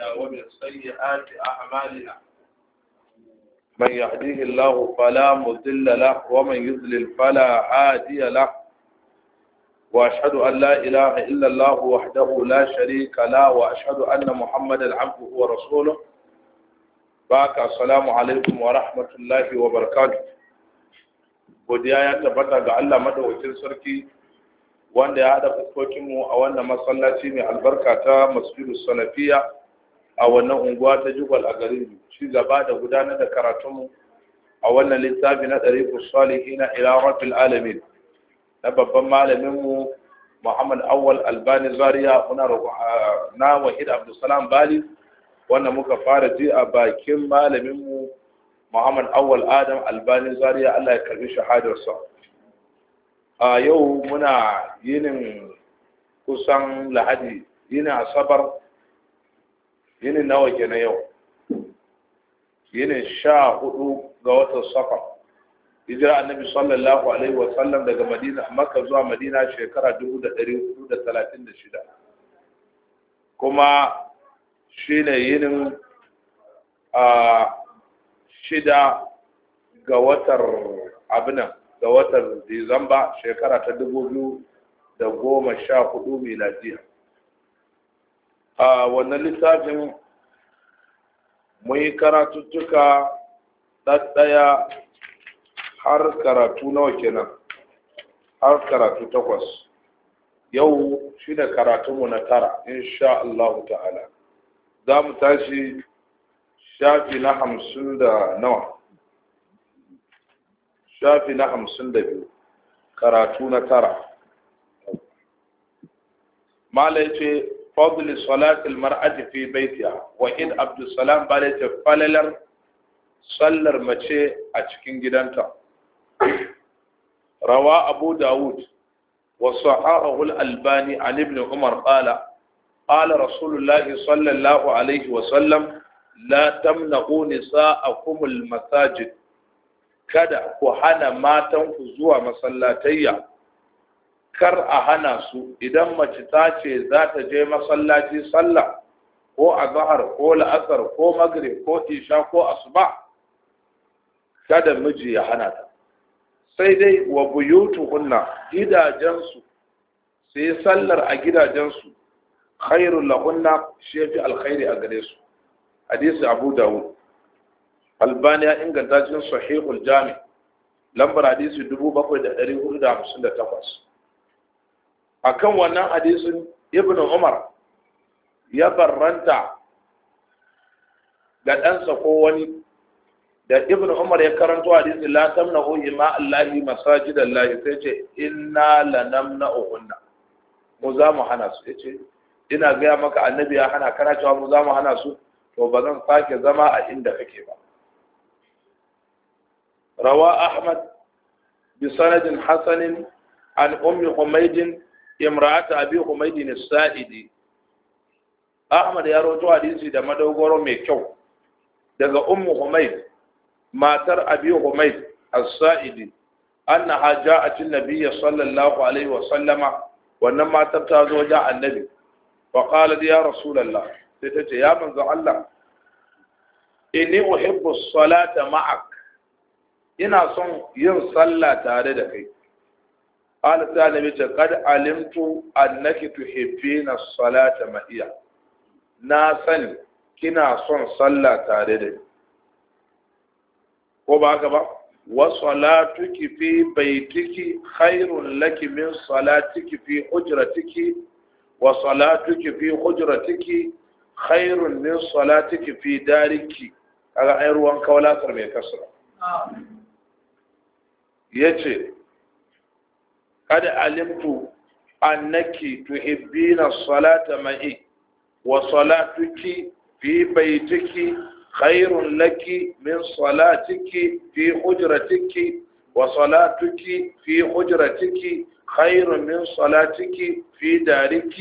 أنفسنا ومن سيئات أعمالنا من يهديه الله فلا مضل له ومن يضلل فلا هادي له وأشهد أن لا إله إلا الله وحده لا شريك له وأشهد أن محمدا عبده ورسوله باك السلام عليكم ورحمة الله وبركاته godiya ya tabbata ga Allah madawacin sarki wanda ya haɗa fuskokinmu a wannan masallaci mai albarka ta masjidu salafiya a wannan unguwa ta jubal a garin shi gaba da gudanar da karatunmu a wannan littafi na ɗari kusuralihina ina rafil alamin na babban malaminmu muhammad awal albani Zariya muna na wahid abdulsalam bali wannan muka fara ji a bakin malaminmu muhammad awal adam albani Zariya. allah ya karbi shahadarsa a yau muna yinin kusan lahadi yinin asabar yinin nawa ke na yau yinin sha hudu ga watan safa hijira annabi sallallahu alaihi wa sallam daga madina makka zuwa madina shekara 1436 kuma shine yinin a shida ga watar abinan ga watar disamba shekara ta 2014 miladiya a wannan littafin muyi yi karatuttuka ɗaɗɗaya har karatu nawa kenan har karatu takwas yau shi da karatunmu na tara insha Allah ta'ala za mu tashi shafi na hamsin da nawa shafi na hamsin da biyu karatu na tara mala ce fadl salatil mar'ati fi baitiha wa in abdus salam bale ta falalar sallar mace a cikin gidanta rawa abu Da'ud wa sahahu al-albani an ibn umar qala قال رسول Sallallahu صلى الله عليه وسلم لا تمنعوا نساءكم kada ku hana matanku zuwa masallatayya kar a hana su idan mace ta ce za ta je masallaci sallah ko a zahar ko la'asar ko magre ko isha ko asuba kada miji ya hana ta sai dai wa buyutu hunna gidajensu su yi sallar a gidajensu la hunna shi fi alkhairi a gare su hadisi abu dawud albani ya inganta cikin sahihul jami lambar hadisi 7458 akan wannan hadisin ibn umar ya barranta ga ɗansa ko wani da ibn umar ya karanto hadisi la hu ima allahi allahi sai ce inna uhunna mu za mu hana su yace ina gaya maka annabi ya hana kana cewa mu za mu hana su to ba zan sake zama a inda kake ba rawa ahmad bi sanadin hasanin an ummi humaydin imra'ata abi humaydi as-sa'idi ahmad ya roto hadisi da madogoro mai kyau daga ummu humayd matar abi humayd as-sa'idi annaha ja'at an-nabiy sallallahu alaihi wa sallama wannan matar ta zo ja annabi fa qalat ya rasulullah sai tace ya manzo Allah inni uhibbu as-salata ma'ak ina son yin sallah tare da kai qala ta nabi ta qad alimtu annaki tuhibbina as-salata ma'iya na san kina son sallah tare da ni ko ba haka ba wa salatuki fi baitiki khairun laki min salatiki fi hujratiki wa salatuki fi hujratiki khairun min salatiki fi dariki kaga ai ruwan kawalatar mai kasra yace قد علمت أنك تحبين الصلاة معي وصلاتك في بيتك خير لك من صلاتك في حجرتك وصلاتك في حجرتك خير من صلاتك في دارك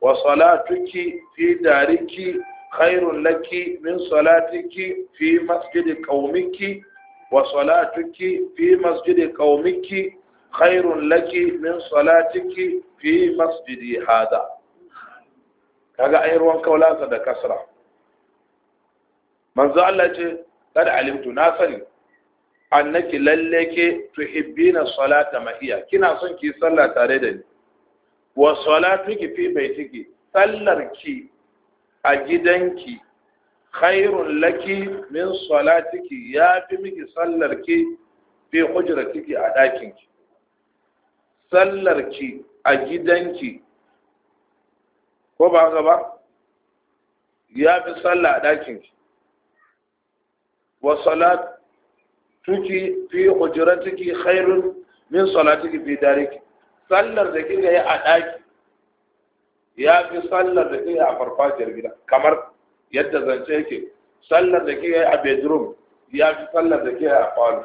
وصلاتك في دارك خير لك من صلاتك في مسجد قومك وصلاتك في مسجد قومك Kairun laki min salatiki fi masjidi hada kaga ai ruwan kaulansa da kasra manzo Allah ce kad alimtu na sani annaki lalle ke tuhibbina salata mahiya kina son ki sallah tare da ni wa salatuki fi baitiki sallarki a gidanki khairun laki min salatiki ya fi miki sallarki fi hujratiki a ɗakinki ki a gidanki ko ba haka ba ya fi sallah a ɗakinki wa salat tuki fi hujratiki khairun min salatiki fi dariki sallar da kika yi a ɗaki ya fi sallar da kika yi a farfajiyar gida kamar yadda zance yake sallar da kika yi a bedroom ya fi sallar da kika yi a falo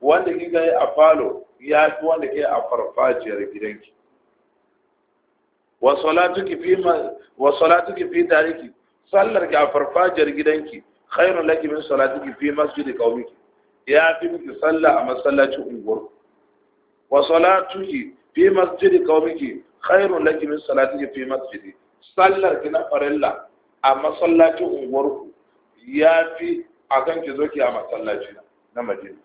wanda kika yi a falo ya fi wanda ke a farfajiyar gidanki wa ki fi tariki sallar ki a farfajiyar gidanki khairun laki min salatuki fi masjidi qaumiki ya fi miki salla a masallacin unguwar wa ki fi masjidi qaumiki khairun laki min salatuki fi masjidi sallar ki na farilla a masallacin unguwar ku ya fi akan ki zo ki a masallaci na madina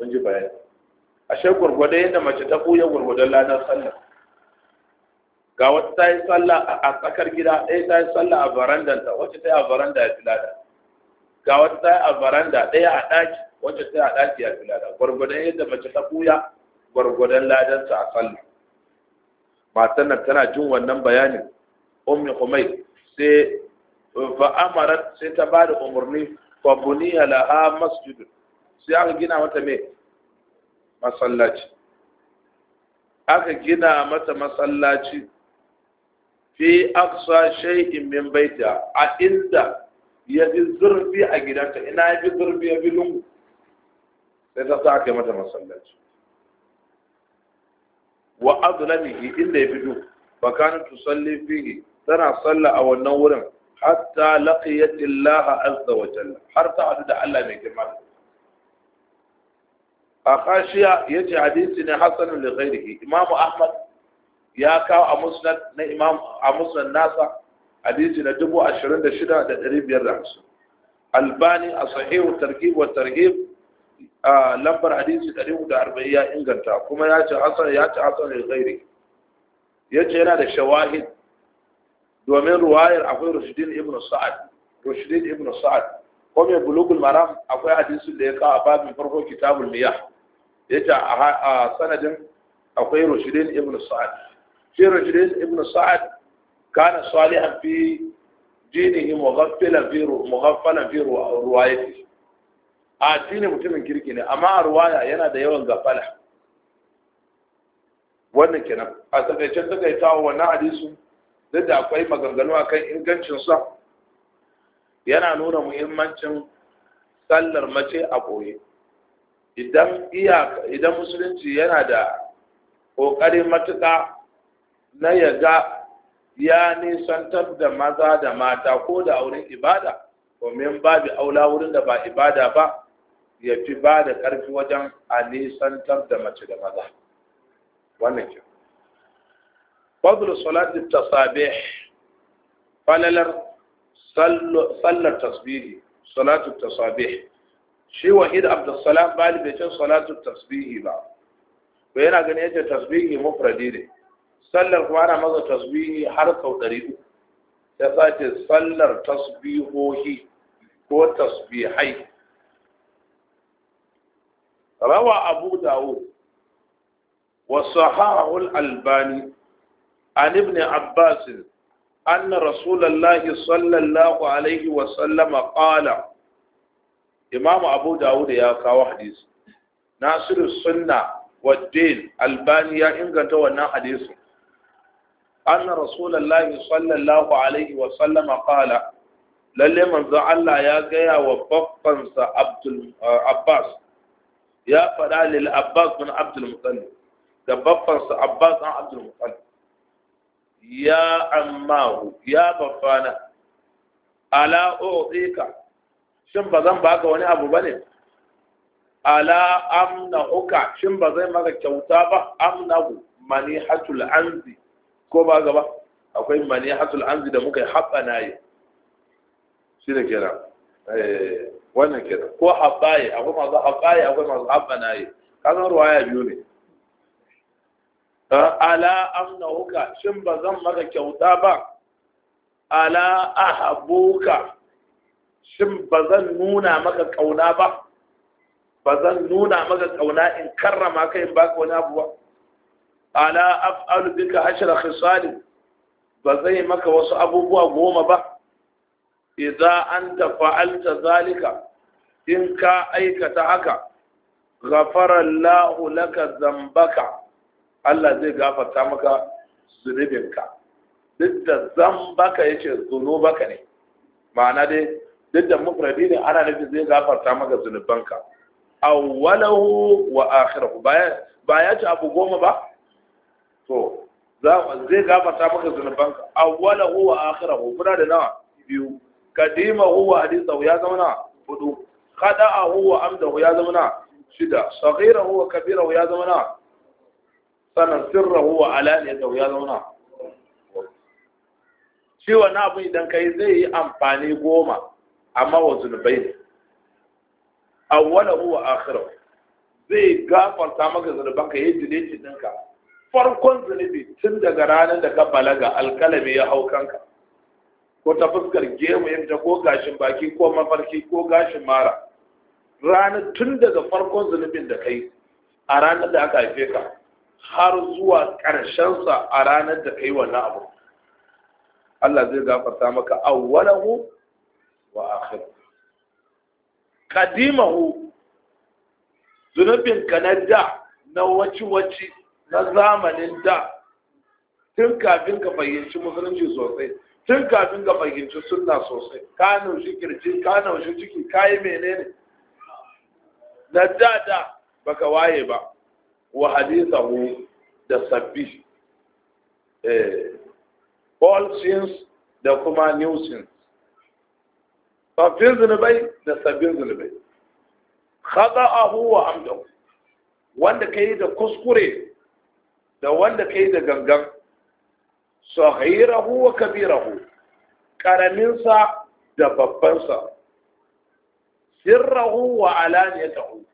kun ji bayani ashe gurgurda yadda mace ta buya gurgurdan ladan sallah ga wata ta yi sallah a tsakar gida ɗaya ta yi sallah a barandanta wacce ta yi a baranda ya fi lada ga wata ta yi a baranda ɗaya a ɗaki wacce ta yi a ɗaki ya fi lada gwargwadon yadda mace ta buya gwargwadon ta a sallah matan nan tana jin wannan bayanin ummi humay sai fa amarat sai ta bada umarni fa buniya la'a masjidun sai aka gina mata me masallaci aka gina mata masallaci fi aqsa shay'in min baita a inda ya fi zurfi a gidanta ina ya fi zurfi ya fi lungu sai ta sa aka yi mata masallaci wa azlamihi inda ya fi duk bakan tusalli fihi tana salla a wannan wurin hatta laqiyat Allah azza wa jalla har ta hadu da Allah mai girma a kashiya ya ce hadisi ne hasanun da ghairihi imamu ahmad ya kawo a musnad na imam a musnad nasa hadisi na dubu ashirin da shida da ɗari biyar da hamsin albani a sahihu lambar hadisi ɗari hudu arba'in ya inganta kuma ya ce hasan ya ce ya ce yana da shawahid domin ruwayar akwai rushidin ibn ibn sa'ad ko mai bulugul maram akwai hadisin da ya kawo babin farko kitabul miyah yace a sanadin akwai rushidin ibn sa'ad shi rushidin ibn sa'ad kana salihan fi dinihi mughaffalan fi mughaffalan fi ruwayati a dini mutumin kirki ne amma a ruwaya yana da yawan gafala wannan kenan a takaicen takaitawa wannan hadisin duk da akwai maganganu akan ingancinsa yana nuna muhimmancin sallar mace a ɓoye idan musulunci yana da ƙoƙarin matuƙa na yaga ya nisantar da maza da mata ko da auren ibada domin babu aula wurin da ba ibada ba ya fi ba da ƙarfi wajen a nisantar da mace da maza wannan ke fadlu salatin tasabih falalar sallar tasbihi salatu tasabih shi wahid abdussalam bali bai ce salatu tasbihi ba bai yana gani yace tasbihi mufradi ne sallar kuma ana maza tasbihi har sau ɗari uku ya sace sallar tasbihohi ko tasbihai rawa abu dawud wa sahahu al-albani an ibn abbas أن رسول الله صلى الله عليه وسلم قال إمام أبو داود يا كاو حديث ناصر السنة والدين البانية إن كنت وانا حديث أن رسول الله صلى الله عليه وسلم قال lalle manzo Allah ya gaya wa babbansa Abdul Abbas ya faɗa lil Abbas bin Abdul Muttalib da babbansa Abbas bin Abdul Muttalib ya ammahu ya babbana ala u'tika shin ba zan baka wani abu bane ala amna uka shin ba zai maka kyauta ba amnahu manihatul anzi ko ba gaba akwai manihatul anzi da muka yi haɓana yi shi da kenan eh, wannan kenan ko haɓaye akwai masu haɓaye akwai masu haɓana yi kasan ruwaya biyu ne ala amnahuka shin ba zan maka kyauta ba ala ahabuka shin ba zan nuna maka kauna ba ba zan nuna maka kauna in karrama kai in baka wani abu ba ala af'alu bika ashra khisalin ba zai maka wasu abubuwa goma ba idza anta fa'alta zalika in ka aikata haka ghafara Allahu laka dhanbaka Allah zai gafarta maka zunubinka duk da zambaka yace zunubaka ne ma'ana dai duk da mufradi ne ana nufin zai gafarta maka zunubanka awwalahu wa akhirahu Ba ya ci abu goma ba to zai gafarta maka zunubanka awwalahu wa akhirahu kuna da nawa biyu kadima wa hadisa ya zama na hudu khada'ahu wa amdahu ya zama na shida saghirahu wa kabira ya zama na sannan sirrahu wa alaniyatahu ya zauna shi na abin idan kai zai yi amfani goma amma wa zunubai ne awwalahu wa akhirahu zai gafarta maka zunuban ka yi dileti ɗinka farkon zunubi tun daga ranar da ka balaga alkalami ya hau kanka ko ta fuskar gemu yadda ko gashin baki ko mafarki ko gashin mara ranar tun daga farkon zunubin da kai a ranar da aka haife ka har zuwa ƙarshensa a ranar da kai wannan abu Allah zai gafarta maka awwalahu wa akhir Kadimahu, zunubin ka na da na na zamanin da tun kafin ka fahimci musulunci sosai tun kafin ka fahimci sunna sosai ka naushi kirji ka naushi ciki ka yi menene na da da baka waye ba wa hadithahu da sabbi eh, all sins da kuma new sins sabbin zunubai da sabbin zunubai khata'ahu wa amdahu wanda kai da kuskure da wanda kai da gangan sahirahu wa kabirahu karaminsa da babbansa sirrahu wa alaniyatahu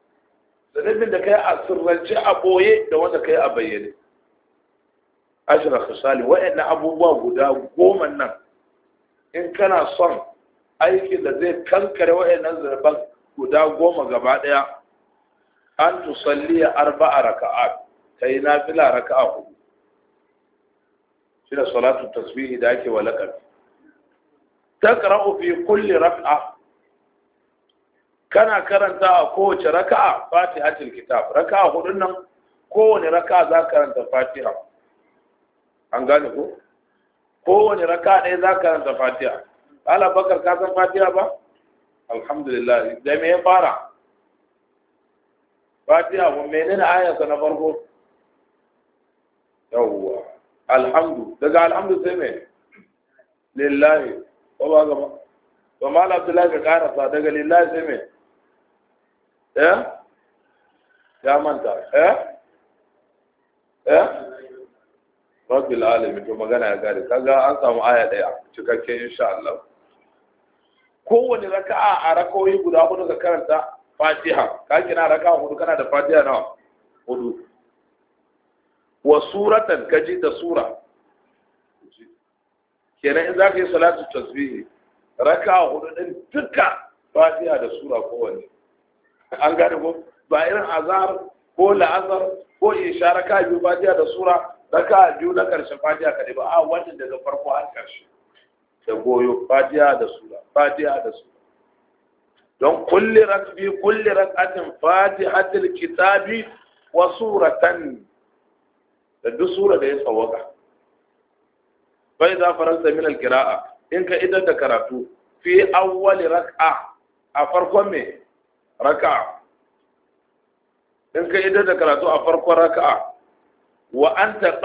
zanibin da kai a sirrance a ɓoye, da wanda kai a bayyane ashira khisali na abubuwa guda goma nan in kana son aikin da zai kankare nan zarban guda goma gaba ɗaya? an tusalliya arba'a ta yi nafila raka'a hudu shi da salatu tasbihi da ake wa laqabi تقرأ fi kulli raka'a kana karanta a kowace raka'a fatihatul kitab raka'a hudun nan kowane raka'a za ka karanta fatiha an gane ko kowane raka'a ɗaya za ka karanta fatiha ala bakar ka san fatiha ba alhamdulillah da me ya fara fatiha ko menene ayarsa na farko yawwa alhamdu daga alhamdu sai me lillahi wa ba ga ba to mal abdullahi ka karasa daga lillahi sai me Eh? ya manta eh eh rabbil alamin to magana ya gare kaga an samu aya daya cikakke insha Allah kowane raka'a a rakawoyi guda hudu ka karanta fatiha ka kina raka'a hudu kana da fatiha nawa hudu wa suratan kaji da sura kenan in za ka yi salatu tasbihi raka'a hudu din duka fatiha da sura kowanne an gane ko ba irin azar ko la'azar ko shara ka biyu fatiha da sura ka biyu na karshe fatiha kaɗai ba a wannan daga farko har karshe da goyo fatiha da sura fatiha da sura don kulle rakbi kulle rak'atin til kitabi wa suratan da duk sura da ya tsawaka bai za faransa min alkira'a in ka idan da karatu fi awwal rak'a a farkon me raka'a in ka yi da karatu a farkon raka'a wa anta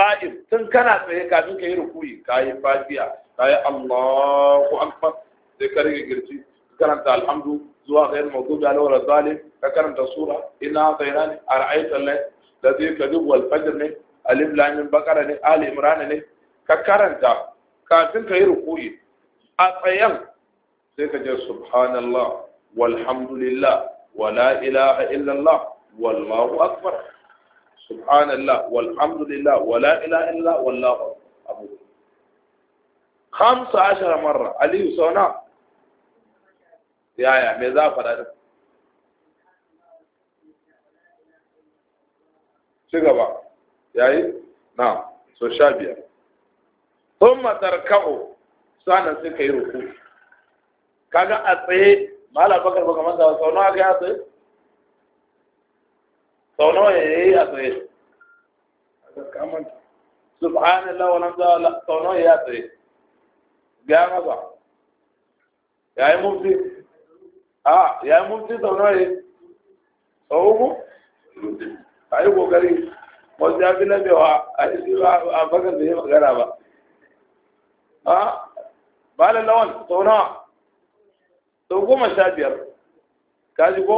tun kana tsaye kafin ka yi rukuyi ka yi fatiha ka yi Allahu akbar sai ka rike girci karanta alhamdu zuwa ga yadda mawdubi ala zalim ka karanta sura ina tsayrani ara'aita da zai ka dubu alfajir ne alif lamin bakara ne ali imran ne ka karanta kafin ka yi rukuyi a tsayen sai ka je subhanallah walhamdulillah ولا إله إلا الله والله أكبر سبحان الله والحمد لله ولا إله إلا الله والله أكبر خمس عشر مرة علي سونا يا يا ماذا فرد شكرا يا نعم سو شابيا ثم تركعوا سانا سكيرو kaga a tsaye mala bakar baka manta ba sau nawa ga ya tsaye sau nawa ya yi a tsaye subhanallah wa lamza sau nawa ya tsaye ga maza ya yi mufti a ya yi mufti sau nawa ya sau uku a yi kokari wasu ya fi labewa a yi a bakar da yi magana ba a ba lawan sau nawa sau goma sha biyar ka ji ko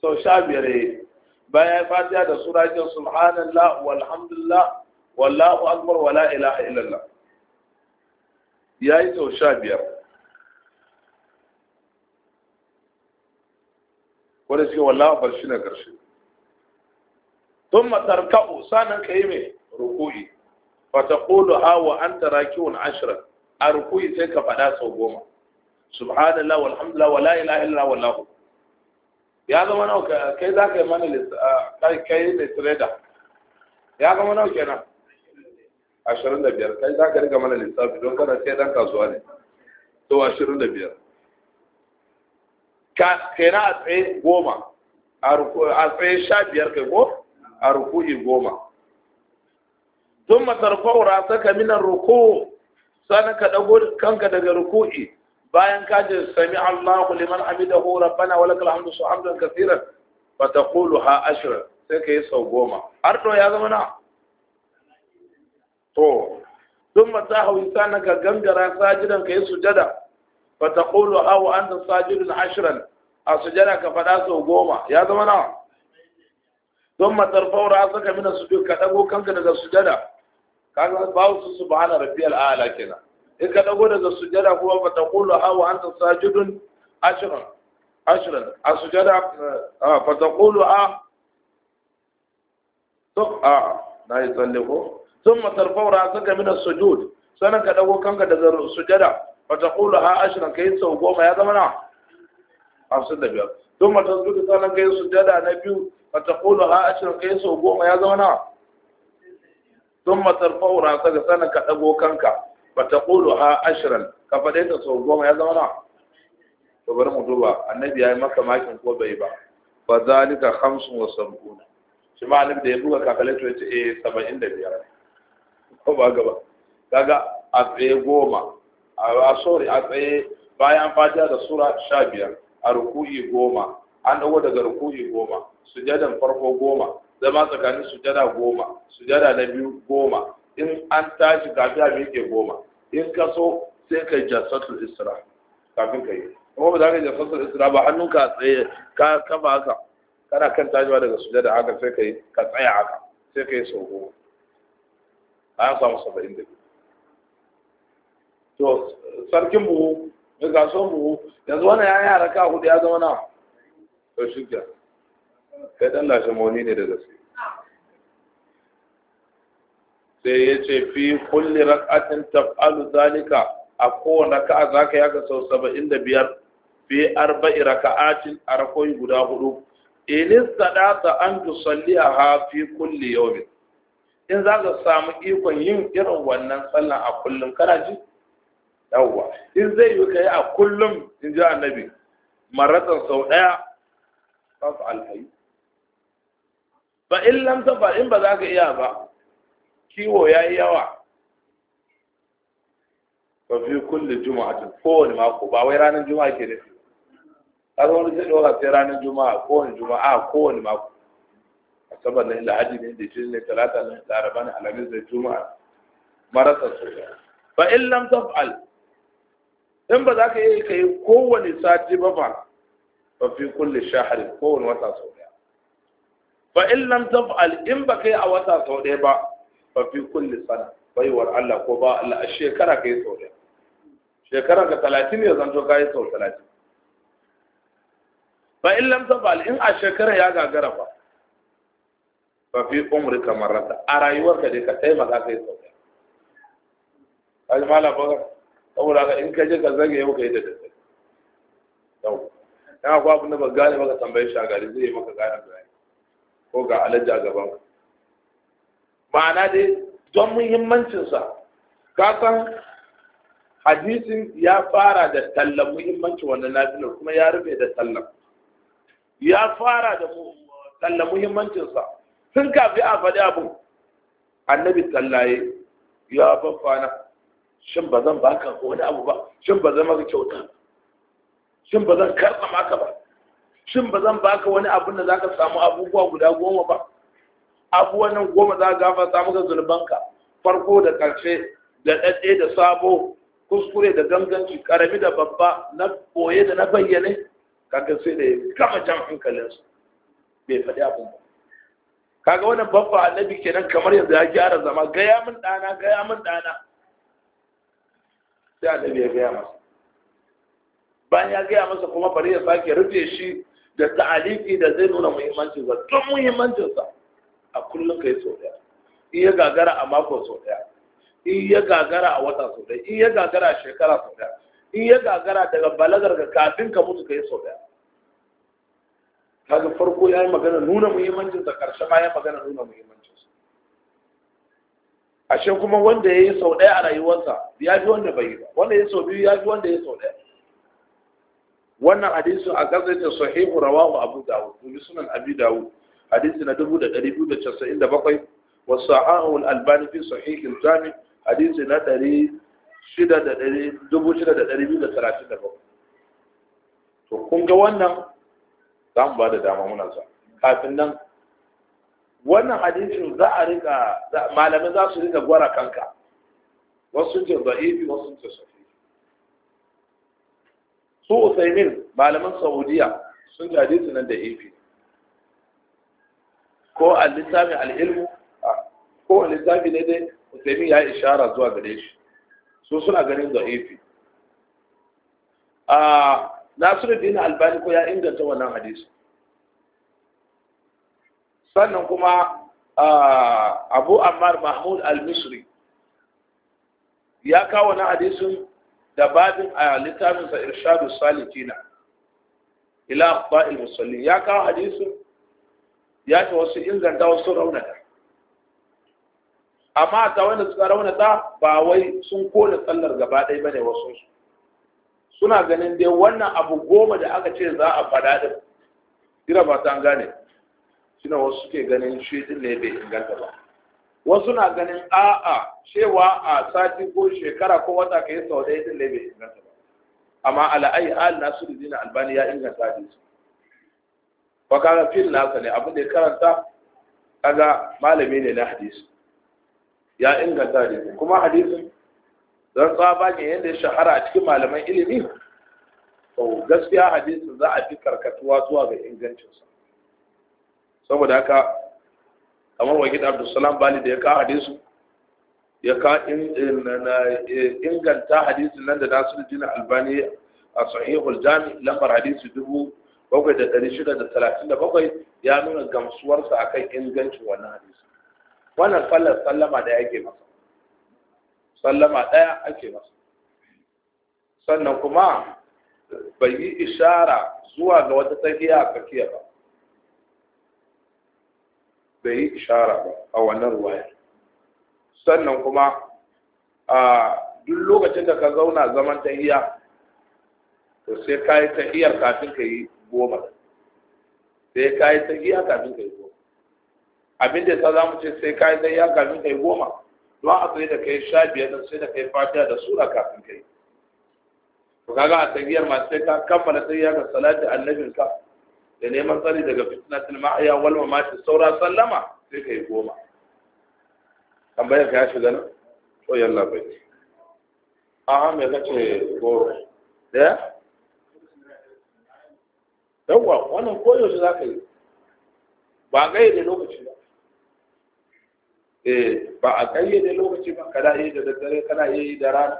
sau sha biyar eh. ya yi bayan ya fati da surajen subhanallah walhamdulillah wallahu akbar wala ilaha illallah ya yi sau sha biyar wadda suke akbar shi na ƙarshe tun matarka'u sanan ka yi mai rukui fata ƙulu hawa an tara kiwon ashirin a rukui sai ka faɗa sau goma subhanallah walhamdulillah wala ilaha illa wallahu ya zama nawa kai za ka yi mana ah, kai kai da trader ya zama nawa kenan ashirin da biyar kai za ka riga mana lissafi don kana kai dan kasuwa ne to ashirin da biyar ka kenan a tsaye goma a tsaye sha biyar kai ko a ruku'i goma ثم ترفع minan من الركوع ka دغور كانك daga ruku'i bayan ka ji sami Allahu liman amidahu rabbana wa lakal hamdu su hamdan kaseeran fa taqulu ha ashra sai kai sau goma har to ya zama na to thumma tahawi sanaka gamdara sajidan kai sujada fa taqulu ha wa anta sajidun ashran a sujada ka fada sau goma ya zama na thumma tarfa'u ra'saka min as-sujud ka dago kanka daga sujada kaga ba su subhana rabbiyal a'la kenan إذا لقول إذا سجد هو فتقول هو أنت ساجد عشرا عشرا أسجد آه، آه، فتقول آه ثق آه لا يصلي هو ثم ترفع رأسك من السجود سنة كذا هو كان كذا سجد فتقول ها عشرا كيف سوف ما هذا منا أفسد بيا ثم تسجد سنة كيف سجد نبيه فتقول ها عشرا كيف سوف ما هذا منا ثم ترفع رأسك سنة كذا هو كان كذا fa taquluha ashran ka fade ta sau goma ya zama to bari mu duba annabi yayi maka makin ko bai ba fa zalika 75 shi ma annabi da ya buga kakalato ya ce eh 75 ko ba gaba kaga a tsaye goma a sorry a tsaye bayan fatiha da sura 15 a ruku'i goma an dawo daga ruku'i goma sujadan farko goma zama tsakanin sujada goma sujada na biyu goma in an tashi kafin a miƙe goma in ka so sai ka jasatul isra kafin ka yi kuma ba za ka jasatul isra ba hannun ka tsaye ka kafa haka kana kan tajiwa daga da haka sai ka yi ka tsaya haka sai ka yi sau goma ya samu saba'in da to sarkin buhu mai kasuwan buhu yanzu wani ya yara haraka hudu ya zama na to shi kai dan lashe mawani ne da gaske sai ya ce fi kulli rak'atin taf'alu zalika a kowane ka'a zaka yi haka sau saba'in da biyar fi arba'i raka'atin a rakoyi guda hudu in istadata an ha fi kulli yawmin in za ka samu ikon yin irin wannan sallan a kullum kana ji yawwa in zai yi kai a kullum in ji annabi maratan sau daya fa'al alhayi fa in lam tafa in ba za ka iya ba kiwo ya yi yawa ba fi kulle juma'a tun kowane mako ba wai ranar juma'a ke nufi har wani sai ɗora sai ranar juma'a kowane juma'a kowane mako A asabar na lahadi ne da shi ne talata ne laraba ne alamis da juma'a marasa soya Ba in lam taf'al in ba za ka yi kai kowane sati ba ba. Ba fi kulle shahri kowane wata sau ɗaya. fa in lam taf'al in ba kai a wata sau ɗaya ba fa fi kulli sana baiwar Allah ko ba Allah a shekara kai sau ɗaya shekara ka talatin ya zanto yi sau talatin Ba in lam tafal in a shekara ya gagara ba. fa umri kamar rata a rayuwar ka dai ka taimaka kai sau ɗaya kaji mala Bakar, saboda ka in ka je ka zage yau ka yi da daddare yau dan akwai abin da ba gane ba ka tambaye zai yi maka gane bayani ko ga alaji a gaban ka ma'ana dai don muhimmancinsa kasan hadisin ya fara da tallan muhimmancin wannan nafilar kuma ya rufe da tallan ya fara da tallan muhimmancinsa sun kafi a faɗi abu annabi tallaye ya na, shin ba zan baka wani abu ba shin ba zan maka kyauta shin ba zan karɓa maka ba shin ba zan baka wani abun da ka samu abubuwa guda goma ba abubuwan nan goma za a gafarta maka zunubanka farko da ƙarshe da ɗaɗɗe da sabo kuskure da ganganci ƙarami da babba na ɓoye da na bayyane kaga sai da ya gama jan hankalinsu bai faɗi abin ba kaga wannan babba annabi kenan kamar yanzu ya gyara zama gaya min ɗana gaya min ɗana sai annabi ya gaya masa bayan ya gaya masa kuma bari ya sake rufe shi da ta'aliki da zai nuna muhimmancinsa don muhimmancinsa a kullum ka yi sau ɗaya in ya gagara a mako sau ɗaya in ya gagara a wata sau ɗaya in ya gagara a shekara sau ɗaya in ya gagara daga balagar ka kafin ka mutu ka yi sau ɗaya kaga farko ya yi magana nuna muhimmancin sa karshe ma ya yi magana nuna muhimmancin sa ashe kuma wanda ya yi sau ɗaya a rayuwarsa ya fi wanda bai yi ba wanda ya sau biyu ya fi wanda ya sau ɗaya wannan hadisi a gazaita sahihu rawahu abu dawud domin sunan abi dawud hadisi na 297 wa sahahu al-albani fi sahih al-jami hadisi na 6,237 to kun ga wannan za mu ba da dama muna sa kafin nan wannan hadisin za a rika malamin za su rika gwara kanka wasu ce wasu ce su usaimin malaman saudiya sun ji hadisin da ifi ko a littafin al'ilmu ko wani littafi ne dai musulmi ya yi ishara zuwa gare shi su suna ganin da efi a nasiruddin albani ko ya inganta wannan hadisi sannan kuma abu ammar mahmud al-misri ya kawo wannan hadisin da babin a littafinsa irshadu salikina ila ba'il musulmi ya kawo hadisin ya ce wasu inganta wasu raunata amma ta wanda suka raunata ba wai sun kone tsallar gaba ɗai ba ne wasu suna ganin dai wannan abu goma da aka ce za a faɗa da ira ba ta gane suna wasu suke ganin shi ɗin ne bai inganta ba wasu na ganin a'a cewa a sati ko shekara ko wata ka yi sau ɗaya ɗin ne bai inganta ba amma ala'ayi al nasiru zina albani ya inganta hadisi fa kaga fil nasa ne abin da ya karanta kaga malami ne na hadisi ya inganta hadisi kuma hadisin don tsaba ne yadda ya shahara a cikin malaman ilimi to gaskiya hadisin za a fi karkatuwa zuwa ga ingancinsa saboda haka kamar wakil abdulsalam bali da ya kawo hadisu, ya ka inganta hadisin nan da nasiru jina albani a sahihul jami lambar hadisi dubu bakwai da ɗari shida da talatin da bakwai ya nuna gamsuwarsa a kan ingancin wannan hadisi wannan sallar sallama da ake masa sallama ɗaya ake masa sannan kuma bai yi ishara zuwa ga wata tafiya a tafiya ba bai yi ishara ba a wannan ruwayar sannan kuma a duk lokacin da ka zauna zaman tahiya to sai ka yi tahiyar kafin ka yi goma sai ka yi tagiya kafin ka yi goma abin da ya sa za mu ce sai ka yi tagiya kafin ka yi goma don a sai da kai sha biyar da sai da kai fatiya da sura kafin ka yi to kaga a tagiyar ma sai ka kammala tagiya ga salati annabinka da neman tsari daga fitnatul ma'aya wal mamati saura sallama sai ka yi goma tambayar ka ya shiga nan to yalla bai aha me kace goro da yawwa wannan koyaushe za ka yi ba a da lokaci ba eh ba a gayyade lokaci ba kada yi da daddare kada yi da rana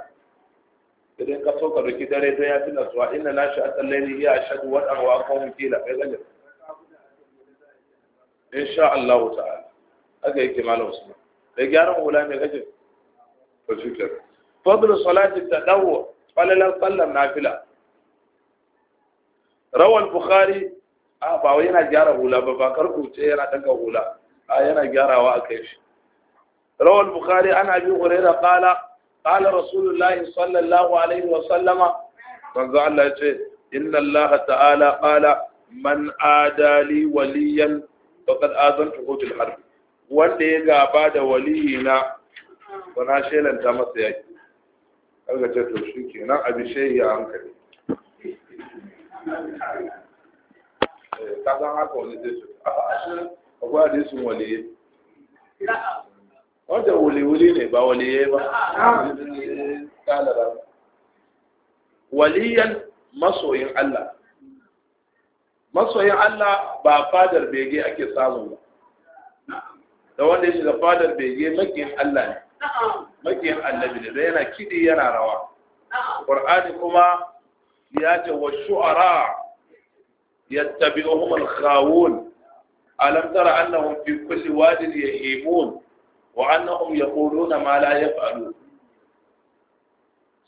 idan ka so ka doki dare don ya fi nasuwa inda na shi a ne iya shaɗu waɗanda wa kan ɗaya kai in insha Allah ta'ala aka yi kimanin usman da gyaran hula mai kake to shi ke fadlu salati falalar tsallar na fila. rawal bukhari a ba wai yana gyara hula ba ba karku ce yana danka hula a yana gyarawa a kai shi rawal bukhari ana bi da kala kala rasulullahi sallallahu alaihi wa sallama manzo Allah ya ce inna Allah ta'ala kala man adali waliyan faqad azantuhu bil harb wanda ya gaba da waliyina wana shelanta masa yaki kaga ce to kenan abi shehi a hankali waliyan masoyin Allah masoyin Allah ba fadar bege ake samun ba da wanda ya shiga fadar bege makin Allah ne makin Allah ne da yana yana rawa ƙwar'ani kuma ya ce wa shu'ara yattabi'uhum al-khawun alam tara annahum fi kulli wadin yahimun wa annahum yaquluna ma la yaf'alun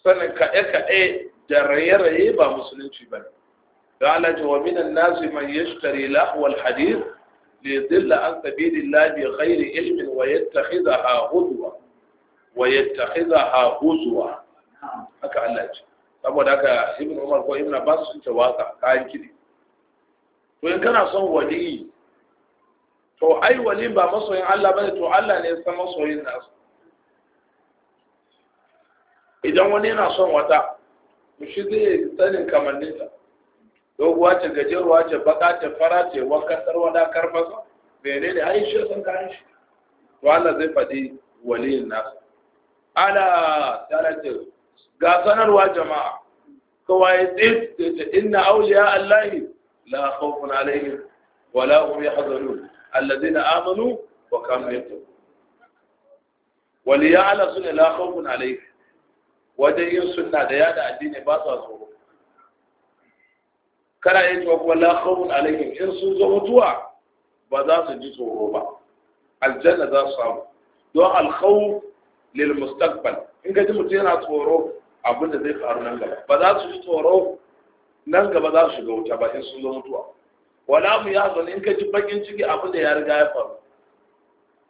sanin kaɗe kaɗe da raye-raye ba musulunci ba don Allah ce wa minan nasu man yashtari lahwal hadith li dhilla an sabilillah bi ghairi ilmin wa yattakhidha huzwa wa yattakhidha huzwa haka Allah ce saboda haka ibn umar ko ibn abbas sun ce waka kayan kidi to in kana son wali to ai wali ba masoyin Allah bane to Allah ne ya san masoyin nasu idan wani yana son wata shi zai sanin kamanninta doguwa ce gajeruwa ce baka ce fara ce tsarwa da karfasa mene ne ai shi san kayan shi to Allah zai faɗi waliyin nasu ala ta ce ga sanarwa jama'a kowa ya tsaye inna auliya allahi la khawfun alayhi wa la hum yahzanun alladhina amanu wa kanu yattaqun wa li ya'lamu la khawfun alayhi wajen yin sunna da yada addini ba sa tsoro kana yin cewa kuma la khawfun alayhi in sun zo mutuwa ba za su ji tsoro ba aljanna za su samu don alkhawf lil mustaqbal in ka ji mutum yana tsoro abin da zai faru nan gaba ba za su ji tsoro nan gaba za su shiga wuta ba in sun zo mutuwa wala mu ya zo in ka ji bakin ciki abin da ya riga ya faru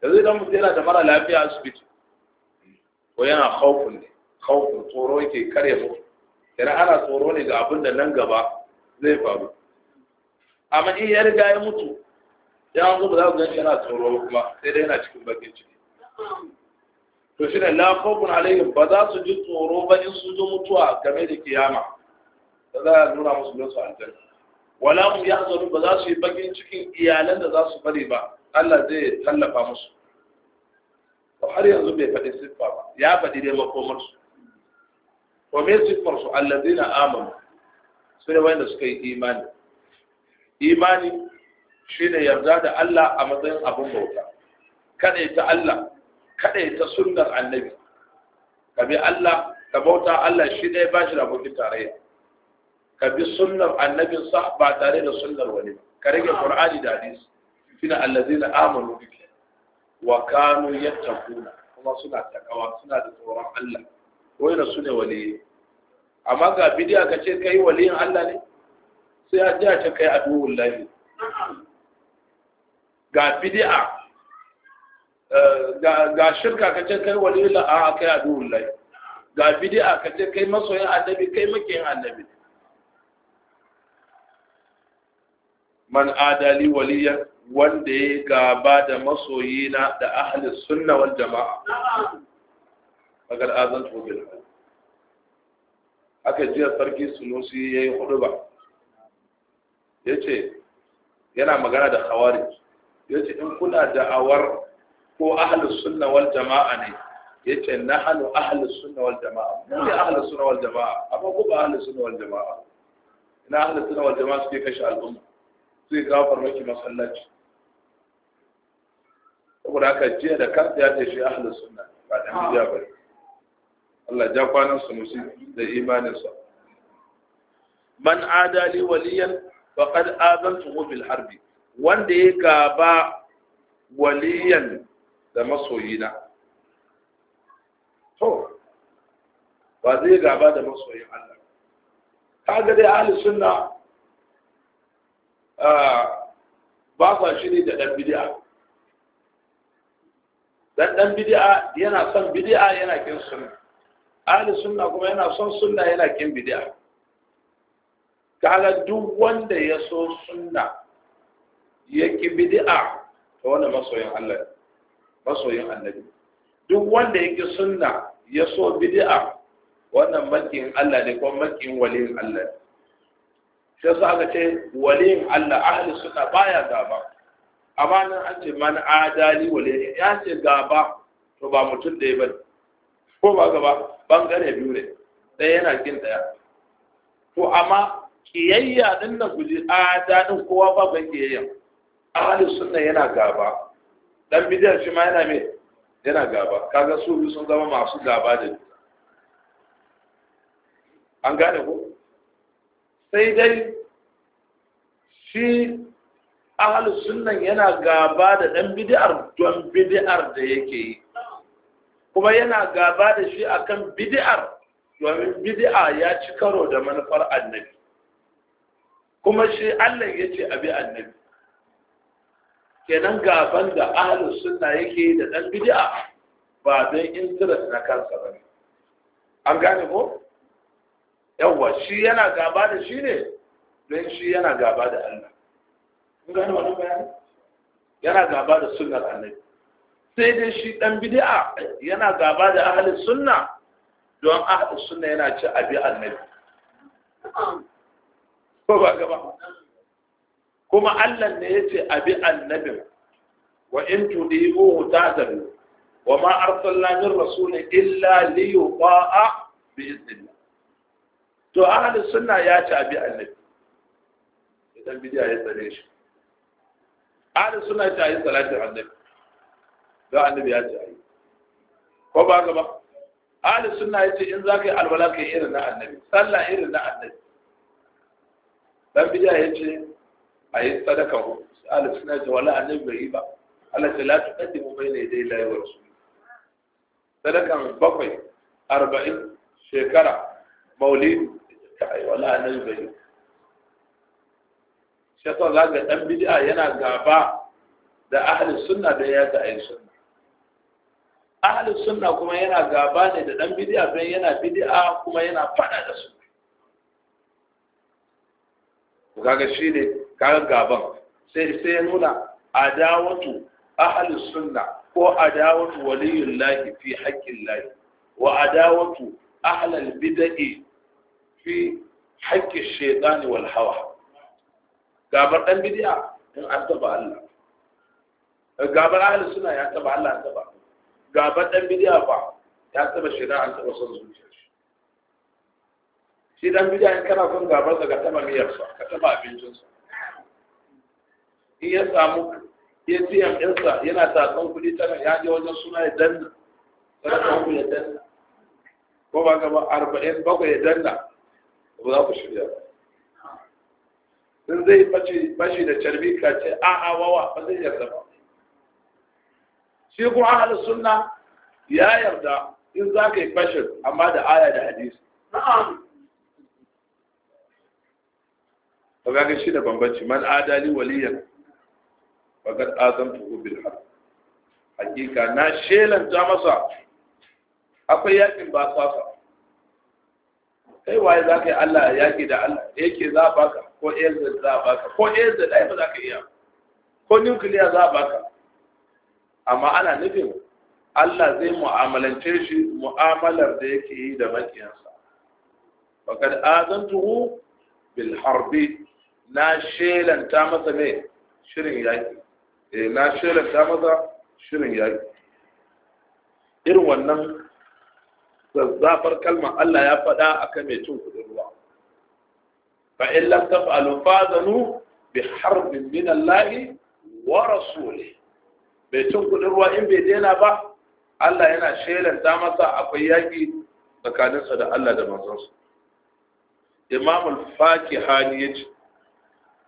zai dan mutum yana da mara lafiya a asibiti ko yana haufin ne haufin tsoro yake kare mu yana ana tsoro ne ga abin da nan gaba zai faru amma in ya riga ya mutu ya zo ba za ku gan yana tsoro ba kuma sai dai yana cikin bakin ciki to shine la khawfun alaihim ba za su ji tsoro ba in sun ji mutuwa game da kiyama da za a nuna musu nasu aljanna wala hum yahzanun ba za su yi bakin cikin iyalan da za su bari ba Allah zai tallafa musu to har yanzu bai faɗi siffa ba ya faɗi dai makomar su to me siffar su allazina amanu su ne wanda suka yi imani imani shine yarda da Allah a matsayin abin bauta kada ta Allah kadai ta sunnar annabi ka bi Allah ka bauta Allah shi ɗaya ba shi da abokin tarayya ka bi sunnar annabin sa ba tare da sunnar wani ka rage qur'ani da hadisi fina allazina amanu biki wa kanu yattaquna kuma suna takawa suna da tsoron Allah wayna sune wali amma ga bidiya ka ce kai waliyin Allah ne sai a ji a ce kai aduwullahi ga bidi'a ga shirka ka ce kai wali la a kai duhun lai ga a ka ce kai masoyin annabi kai makin annabi man adali waliya wanda ya gaba da masoyina da ahli sunna wal jama'a magar azan tobil aka jiya sarki sunusi yayi huduba yace yana magana da khawarij yace in kuna da'awar ko ahlus sunna wal jama'a ne yace nahnu ahlus sunna wal jama'a mu ne ahlus sunna wal jama'a amma ko ba ahlus sunna wal jama'a ina ahlus sunna wal jama'a suke kashe al'umma suke kawo farmaki masallaci saboda haka jiya da kansa ya ce shi ahlus sunna ba da mijiya ba Allah ja kwanan su musu da imanin sa man adali waliyan faqad azantuhu bil harbi wanda ya gaba waliyan da masoyina to ba zai gaba da masoyin Allah ga dai ahli sunna ba sa shiri da dan bid'a dan dan bid'a yana son bid'a yana kin sunna ahli sunna kuma yana son sunna yana kin bid'a Kala duk wanda ya so sunna yake bid'a to wannan masoyin Allah masoyin annabi duk wanda yake sunna ya so bid'a wannan makin Allah ne ko makin waliyin Allah sai su aka ce waliyin Allah ahli sunna baya gaba amma nan an ce man adali waliyin ya ce gaba to ba mutum da ya bane ko ba gaba bangare biyu ne ɗaya yana kin ɗaya to amma kiyayya din na guji adalin kowa ba ban kiyayya ahli sunna yana gaba dan bidiyar shi ma yana me yana gaba kaga su biyu sun zama masu gaba da ni an gane ko sai dai shi ahal sunnan yana gaba da dan bidiyar don bidiyar da yake yi kuma yana gaba da shi akan bidiyar domin bid'a ya ci karo da manufar annabi kuma shi Allah ya ce abi annabi kenan gaban da ahlus sunna yake da dan bid'a ba don interest na kansa ba an gane ko yawwa shi yana gaba da shi ne don shi yana gaba da Allah kun gane wannan bayani yana gaba da sunnar annabi sai dai shi dan bid'a yana gaba da ahlus sunna don ahlus sunna yana ci abi annabi ko ba gaba kuma Allah ne yace abi annabi wa in tudihu tatabu wa ma arsalna min rasul illa li yuqa'a bi idnillah to ahli sunna ya ci abi annabi idan bidiya ya tsare shi ahli sunna ta yi salatin annabi da annabi ya ci ayi ko ba ga ba ahli sunna yace in ka yi alwala kai irin na annabi sallah irin na annabi dan bidiya yace a yi sadaka ku ala suna ce wala annabi bai yi ba ala ta la tuqaddimu bayna yaday la wa rasul sadakan bakwai arba'in shekara maulidi kai wala annabi bai yi shekwa za ga ɗan bid'a yana gaba da ahalin sunna da ya ta ayi sunna ahalin sunna kuma yana gaba ne da ɗan bid'a don yana bid'a kuma yana fada da su kaga shi ne kaga gaban sai sai ya nuna adawatu ahli sunna ko adawatu waliyullahi fi haqqillah wa adawatu ahli albid'i fi haqqi shaytani wal hawa gabar dan bid'a in an taba Allah gabar ahli sunna ya taba Allah taba gabar dan bid'a ba ya taba shaytan an taba son zuciya shi dan bid'a in kana son gabar daga taba miyarsa ka taba abincinsa in ya samu atm ɗinsa yana tatsan kuɗi tana ya je wajen suna ya danna sarrafa ku ya danna ko ba gaba arba'in bakwai ya danna ba za ku shirya sun zai bashi da carbi ka ce a a wawa ba zai yarda ba shi kuma ahalin sunna ya yarda in za ka yi fashin amma da aya da hadisi na'am ba ga shi da bambanci man adali waliyan faqad azamtuhu bil haq hakika na shelanta masa akwai yakin ba sasa kai waye za ka yi Allah yaki da Allah yake za baka ko AZ za baka ko AZ ai ba za ka iya ko nuclear za baka amma ana nufin Allah zai mu'amalance shi mu'amalar da yake yi da makiyansa faqad azantuhu bil harbi na shelanta masa ne shirin yaki eh na shirin ta maza shirin yayi irin wannan zazzafar kalma Allah ya faɗa akan mai cin kudin ruwa Ba in lam taf'alu fazanu bi harbin min Allah wa rasulih Mai cin kudin ruwa in bai daina ba Allah yana shelanta masa akwai yaƙi tsakaninsa da Allah da manzansa Imam al ya ce,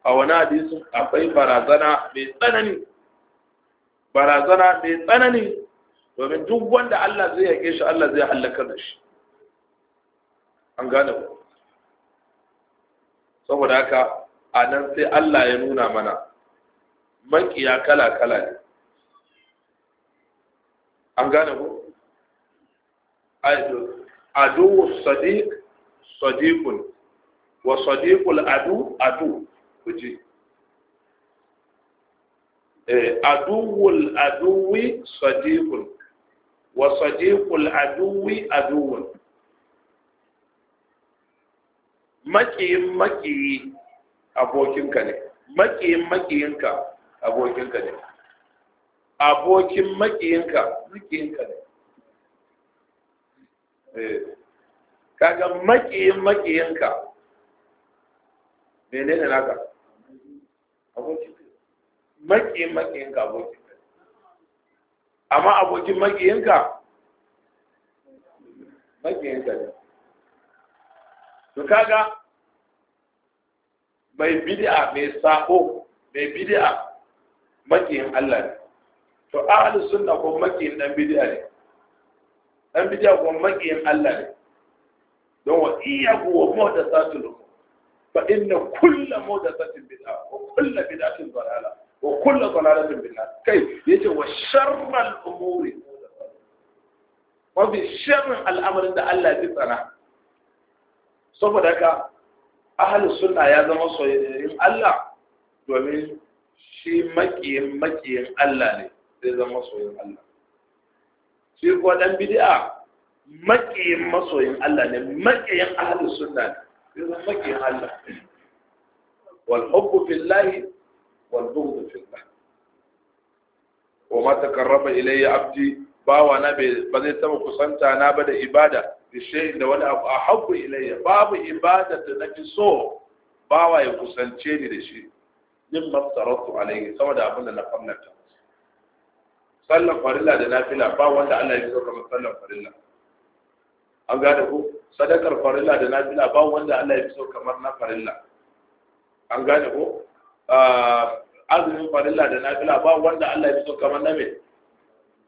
a wani hadisin akwai barazana mai tsanani barazana mai tsanani domin duk wanda Allah zai yake shi Allah zai halaka da shi an gane ku saboda haka a nan sai Allah ya nuna mana makiya kala-kala ne an gane ku adu sadiq sadiqun wa sadiqul adu adu kuji Eh, aduwul aduwi sadiqun wa sadiqul aduwi aduwun makiyin makiyi abokinka ne makiyin makiyinka abokinka ne abokin makiyinka makiyinka ne eh, kaga makiyin makiyinka menene naka abokin makiyin maƙiyinka abokin amma abokin maƙiyinka ka ne to kaga mai bid'a mai sako mai bid'a makiyin Allah ne to ahlus sunna ko makiyin dan bid'a ne dan bid'a ko makiyin Allah ne don wa iyyaku wa muhdathatul fa inna kullu muhdathatin bid'a wa kullu bid'atin dalalah wa kullu dalalatin bin nar kai yace wa sharral umuri wa bi sharrin al'amarin da Allah ya tsara saboda ka, ahlus sunna ya zama soyayyen Allah domin shi makiyin makiyin Allah ne zai zama soyayyen Allah shi ko dan bid'a makiyin masoyin Allah ne makiyin ahlus sunna ne zai zama makiyin Allah wal hubbu fillahi والبغض في الله وما تقرب إلي عبدي باوى نبي بذي سبق سنتا نابد إبادة بشيء ولا أحب إلي باب إبادة نفسه باوى يقسنتيني لشيء مما افترضت عليه سوى دا أبنى نقمنا sallan farilla da nafila ba wanda Allah ya zo kamar sallan farilla an gane ku sadakar farilla da nafila ba wanda Allah ya fi so kamar na farilla an gane ko azumin farilla da nafila ba wanda Allah ya so kamar na mai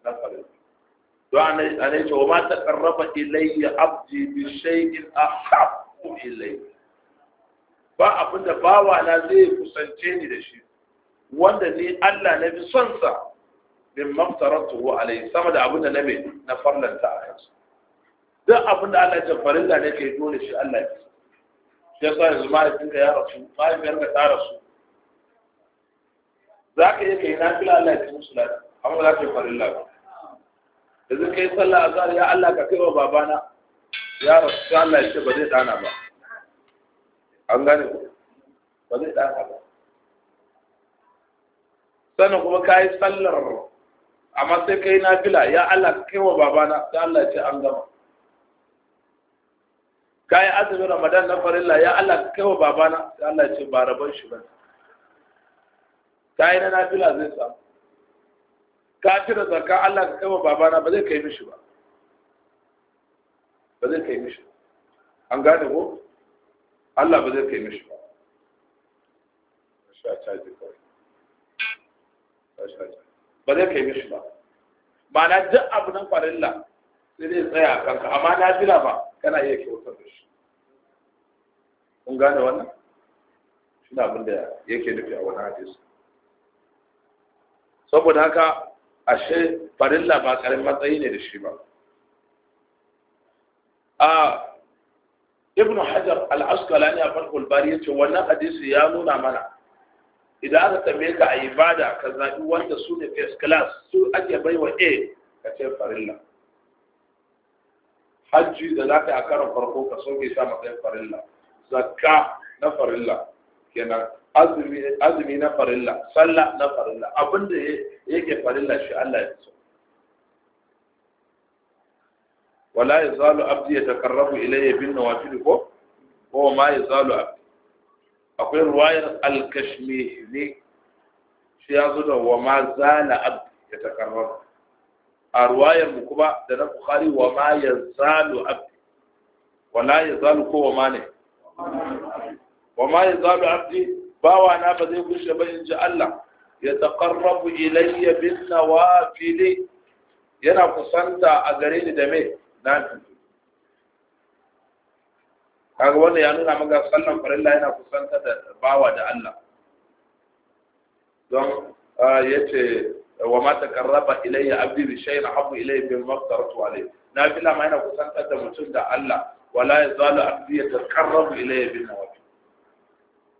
na farilla don anai anai ce wa ma taqarraba ilayya abdi bi shay'in ahabbu ilayya ba abinda bawa na zai kusance ni da shi wanda ni Allah na bi son sa bin maftaratu alayhi sama da abin da na me na farlanta a yanzu duk da Allah ya farilla ne ke dole shi Allah ya yasa yanzu mahaifinka ya rasu mahaifiyarka ta rasu za ka iya kai na fila Allah ya ci musu lafiya amma za ka yi farin lafiya zai kai sallah a azhar ya Allah ka kai wa babana ya rasu Allah ya ce ba zai dana ba an gane ku ba zai dana ba sannan kuma ka yi sallar amma sai kai na fila ya Allah ka kai wa babana ta Allah ya ce an gama ka yi azumin ramadan na farilla ya Allah ka kai wa babana ta Allah ya ce ba rabon shi ba ne ka yi na nafila zai sa. ka cire zarka Allah ka kama babana ba zai kai mishi ba ba zai kai mishi an gane ko Allah ba zai kai mishi ba ba zai kai mishi ba na duk abu nan farilla sai zai tsaya a kanka amma na nafila ba kana iya kyautar da shi kun gane wannan shi na abin da yake nufi a wani hadisi saboda haka ashe farilla ba karin matsayi ne da shi ba a Ibn hajar al-asqalani a farkul bari yace wannan hadisi ya nuna mana idan aka tambaye ka a bada ka zaɓi wanda su ne first class su ake baiwa a ka ce farilla hajji da za ka yi a karan farko ka soke sa matsayin farilla zakka na farilla kenan azumi na farilla sallah na farilla abinda yake farilla shi Allah ya so wala yazalu abdi yatakarrabu ilayya bin nawafil ko ko ma yazalu abdi akwai ruwayar al ne shi ya zo da wa ma zala abdi yatakarrabu a ruwayar mu kuma da na bukhari wa ma yazalu abdi wala yazalu ko wa ma ne wa ma yazalu abdi bawa na ba zai kushe ba in ji Allah ya taqarrabu ilayya bin fili? yana kusanta a gare ni da me na kaga wannan ya nuna maka sallan farilla yana kusanta da bawa da Allah don yace wa ma taqarraba ilayya abdi bi shay'in habbu ilayya bima aftaratu alayhi nafila ma yana kusanta da mutum da Allah wala ya yazalu abdi yataqarrabu ilayya bin nawafil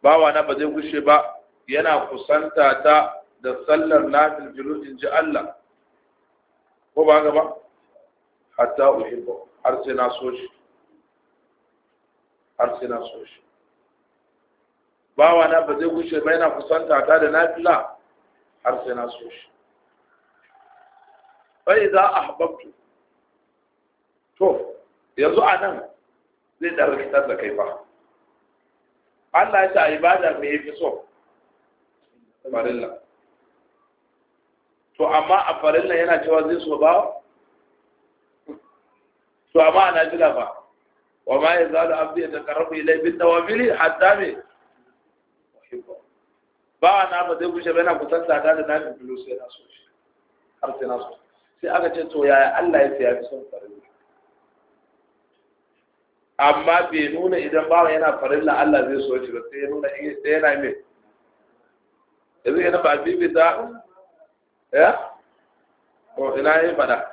Ba na ba zai gushe ba yana kusanta ta da sallar nafil jilu in ji Allah ko ba gaba hatta uhibba har sai na so shi har sai na so shi Ba na ba zai gushe ba yana kusanta ta da nafila har sai na so shi bai za a habbabtu to yanzu a nan zai ɗan rikitar da kai ba Allah ya ce a ibada mai yafi so farilla to amma a farilla yana cewa zai so ba to amma ana jira ba wa ma zalu abdi yataqarrabu ilai bin tawabili hatta me ba na ba zai kushe ba yana kusanta ta da nafin bilu sai na so shi har sai na so sai aka ce to yaya Allah ya fi son farilla amma bai nuna idan bawa yana farilla Allah zai so shi ba sai ya nuna sai yana mai yanzu yana ba bibi ta ya ko ina yi fada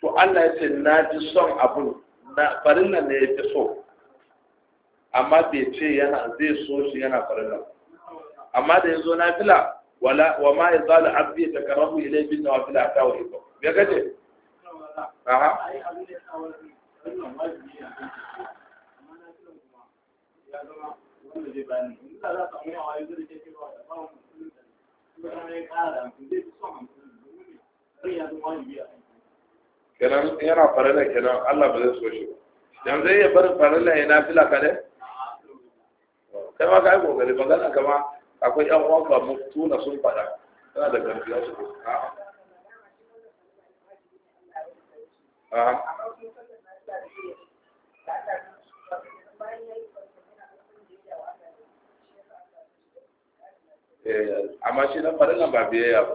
to Allah ya ce na ji son abun na farilla ne ya fi so amma bai ce yana zai so shi yana farilla amma da ya zo na fila wala wa ma ya zala abdi ta karahu ilai bin nawafila ta wa ibadu me kenan yana farala kenan Allah ba zai so shi dan zai ya barin farala yana fila ka ne kai ma kai kokari magana kama akwai yan uwan ka na sun fada kana da gaskiya su a a eh, amma shi na farin ba biyayya ba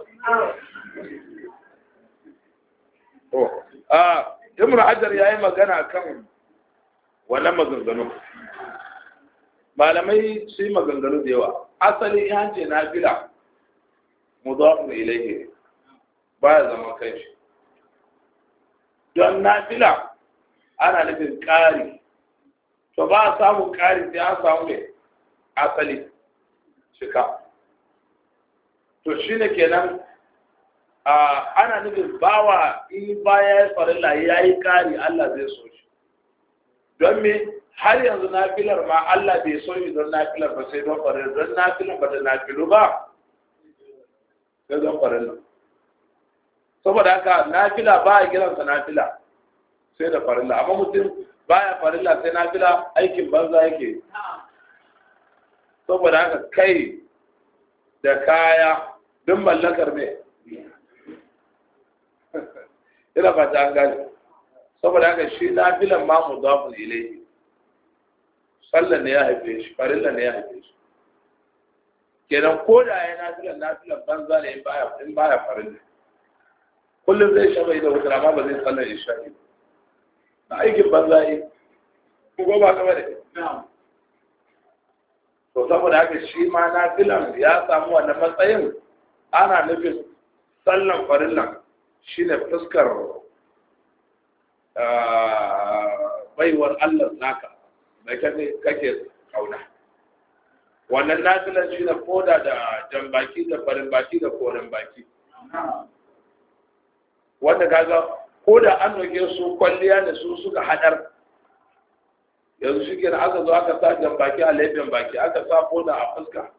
to a ibn hajar yayi magana kan wannan maganganu malamai su yi maganganu da yawa asali yan ce na fila mudaf ilayhi ba ya zama kai shi don nafila ana nufin ƙari to ba a samun ƙari sai an samu ne asali cika to shi ne kenan ana nufin bawa in baya ya la ya yi ƙari Allah zai so shi don me har yanzu nafilar ma Allah bai so shi don nafilar ba sai don farilla don nafilar ba da nafilu ba sai don nan saboda haka nafila ba a kiransa nafila sai da farilla amma mutum ya farilla sai nafila aikin banza yake saboda haka kai da kaya don mallakar ne ina fata an gani saboda haka shi nafilan ma mu za mu ile sallan ne ya haife shi farilla ne ya haife shi kenan ko da ya nafilan nafilan banza ne in ba farin farilla kullum zai shafa da wutar amma ba zai tsallar isha'i na aikin banza yi ku goma kama da to saboda haka shi ma na filan ya samu wannan matsayin ana nufin tsallan farillan shi ne fuskar ah, baiwar allah naka mai kake kauna wannan nafilan shi ne koda da jan da farin baki da koren baki wanda kaga ko da an roƙe su kwalliya da su suka haɗar yanzu shi kenan aka zo aka sa jambaki a laifin baki aka sa foda a fuska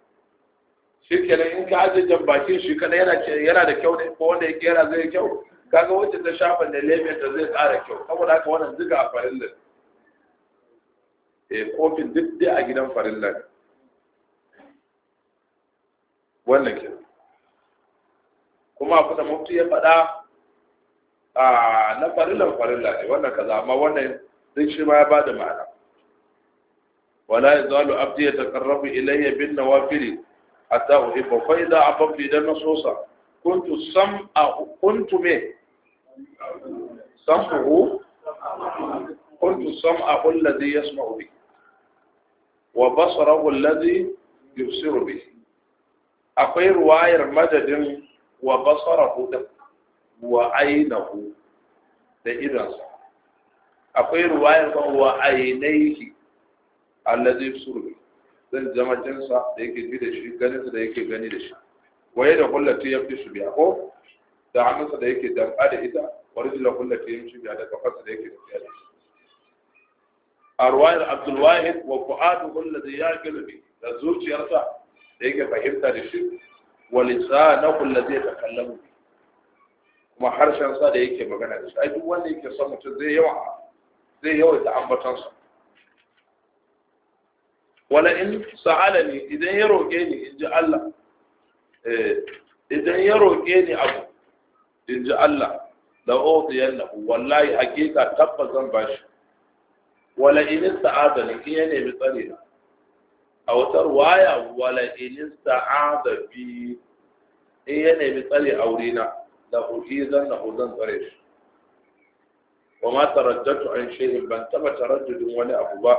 shi kenan in ka aje jambakin shi kada yana da kyau ne ko wanda ya kera zai kyau kaga wacce ta shafa da laifin ta zai ƙara kyau saboda haka wannan duka a farin da eh, kofin duk dai a gidan farin da wannan kenan kuma a da mutu ya faɗa a na farilan farilla ne wannan kaza amma wannan duk shi ma ya bada ma'ana wala ya yazalu abdi yataqarrabu ilayya bin nawafil hatta uhibba fa idza afaqtu idan nasusa kuntu sam'a kuntu me sam'u kuntu sam'a alladhi yasma'u bi wa basarahu alladhi yubsiru bi akwai ruwayar madadin wa basarahu din wa ainahu da idansa akwai ruwayar kan wa ainaihi allazi surbi zan zama jinsa da yake bi da shi ganin da yake gani da shi waye da kullati ya fi biya ko da hannunsa da yake damba da ita wa rijla kullati ya fi biya da kafarsa da yake tafiya da shi a ruwayar abdul wahid wa fu'adu allazi yaqilu bi da zuciyarsa da yake fahimta da shi wa lisa na lisanahu allazi yatakallamu bi kuma harshen sa da yake magana da shi ai duk wanda yake son mutum zai yawa zai yawa da ambaton sa wala in sa'alani idan ya roke ni in ji Allah eh idan ya roke ni abu in ji Allah da la yanna wallahi hakika tabbas zan bashi wala in sa'adani in ya nemi tsare na a wata ruwaya wala in sa'ada bi in ya nemi tsare aure na da ujizan na huzan tsare shi wa ma an shay'in ban taba taraddudin wani abu ba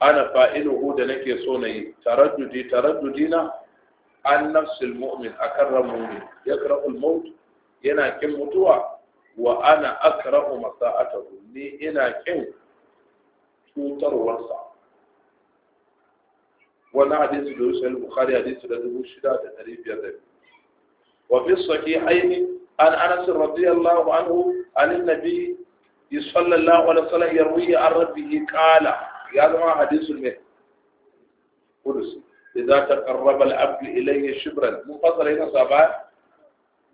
ana fa'iluhu da nake so na yi taraddudi taraddudi na an nafsil mu'min akan ran mu'min yakrahul maut yana kin mutuwa wa ana akrahu masa'atahu ni ina kin cutarwarsa wannan hadisi da wuce al-bukhari hadisi da dubu shida da dari biyar da biyu وفي الصحيحين عن أنس رضي الله عنه عن النبي صلى الله عليه وسلم يروي عن ربه قال يا جماعة حديث المهد قدس إذا تقرب العبد إليه شبرا منفصل هنا سابعا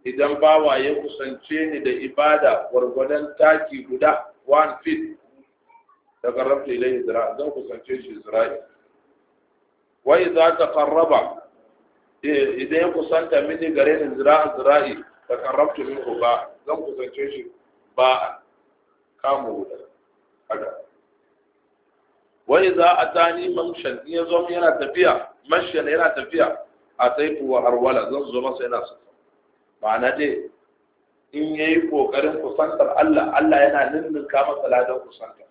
idan bawa ya kusance ni da ibada gwargwadon taki guda one feet daga rabta ilai zira zan kusance shi Eh, idan ya kusanta mini gare ni zira'a zira'i da karrabtu ku ba zan kusance shi ba a kamu da haka wani za a ni manshan in ya zo yana tafiya manshan yana tafiya a taifu wa harwala zan zo masa yana su ma'ana dai in ya yi ƙoƙarin kusantar Allah Allah yana ninninka kama ladan kusantar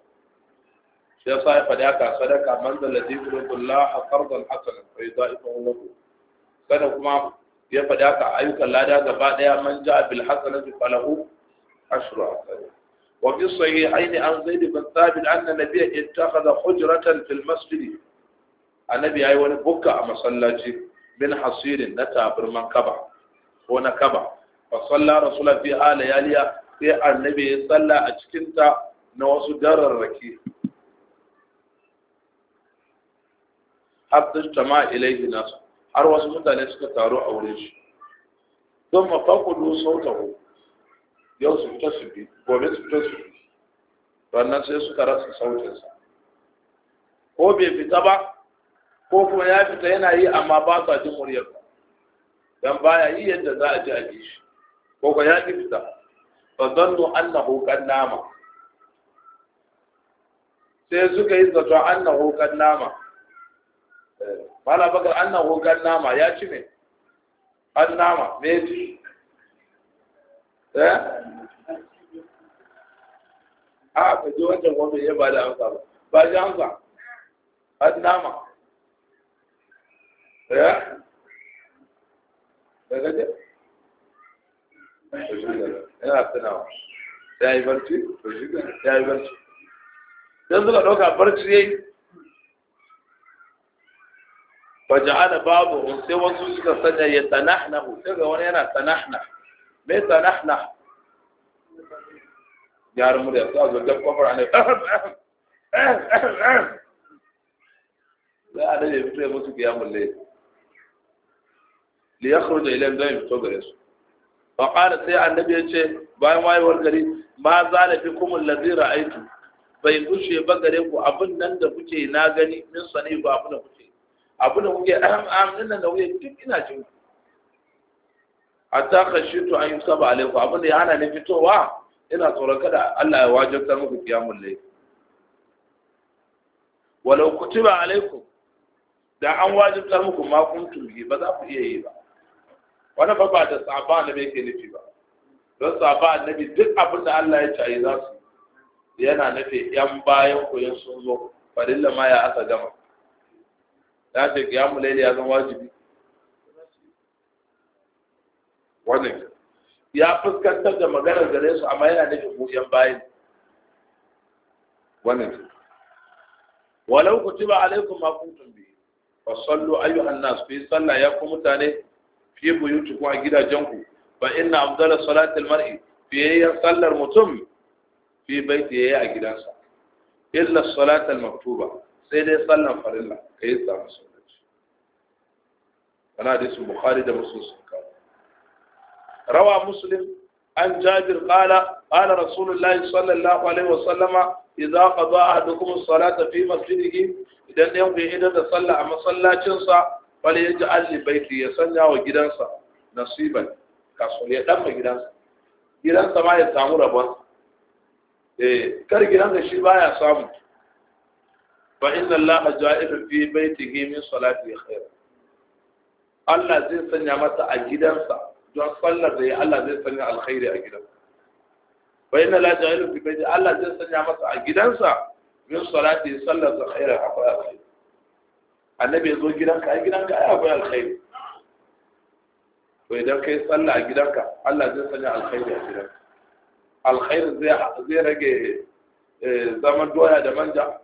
shi ya sa ya faɗi haka sadaka man da latifin Allah a fardan hasanan bai a fa wani kada kuma ya faɗa ka ayyukan lada gaba ɗaya man ja bil hasanati falahu ashru wa fi sahihaini an zaid bin thabit anna nabiyya ittakhadha hujratan fil masjid annabi yayi wani bukka a masallaci min hasirin na tabarman kaba ko na kaba fa salla rasulullah fi alayaliya sai annabi ya salla a cikin ta na wasu dararraki hatta tama ilaihi nasu har wasu mutane suka taru a wurin shi don mafakudu ku? yau su fita su bi gobe su fita su bi wannan sai suka rasa sautinsa ko bai fita ba ko kuma ya fita yana yi amma ba sa jin muryar ba dan baya yi yadda za a ji a ji shi ko kuma ya ki fita fa zannu annahu kan nama sai suka yi zato annahu kan nama mala baka an nan hogan nama ya ci me an nama me ci eh a ka ji wancan wanda ya ba da hansa ba ba ji hansa an nama eh daga je yana tunawa ya yi barci ya yi barci don suka ɗauka barci ya yi faja'ala babu sai wasu suka sanya ya tanahnahu daga wani yana tanahna me tanahna yaran mu da su a zargar kofar ana za a dabe fito ya musu kiyamun lai li ya kuru da ilan zai fito gare su ba sai annabi ya ce bayan wayewar gari ma za na fi kuma lazira aiki bai gushe ba gare ku abin nan da kuke na gani min sani ba abin da kuke abu da kuke amin nan da wuya duk ina jin ku hatta to an yusaba alaikum abu da hana ni fitowa ina tsoron kada Allah ya wajabtar muku kiyamun layl walau kutuba alaikum da an wajabtar muku ma kun bi ba za ku iya yi ba Wani ba ba da na annabi yake nufi ba don na annabi duk abin da Allah ya yi za su yana nufi yan bayan ku yan sun zo farilla ma ya aka gama ya ce kiyamu laili ya zama wajibi wannan ya fuskantar da maganar gare su amma yana nufin goyon bayan wannan walau ba alaikum ma kuntum bi sallu ayyuhan nas fi sallah ya ku mutane fi buyutikum a gidajen gidajenku fa inna afdala salati almar'i fi yayin sallar mutum fi baiti yayi a gidansa illa salata almaktuba sai dai sallan farilla ka yi samun sunanci wani su bukhari da musu sun kawo rawa musulun an jabir kala kala rasulullahi sallallahu alaihi wasallama idza qada ahadukum as-salata fi masjidihi idan ɗayan ku idan da sallah a masallacinsa wala yaj'al li baiti ya sanya wa gidansa nasiban kaso ya dan gidansa gidansa ma ya samu rabon eh kar gidansa shi baya samu fa inna allaha ja'ilu fi baitihi min salati khair Allah zai sanya masa a gidansa don sallar da ya Allah zai sanya alkhairi a gidansa fa inna allaha ja'ilu fi baitihi Allah zai sanya masa a gidansa min salati da khairan akwai alkhairi annabi ya akwai alkhairi to idan kai sallah a gidanka Allah zai sanya alkhairi a zai rage zaman doya da manja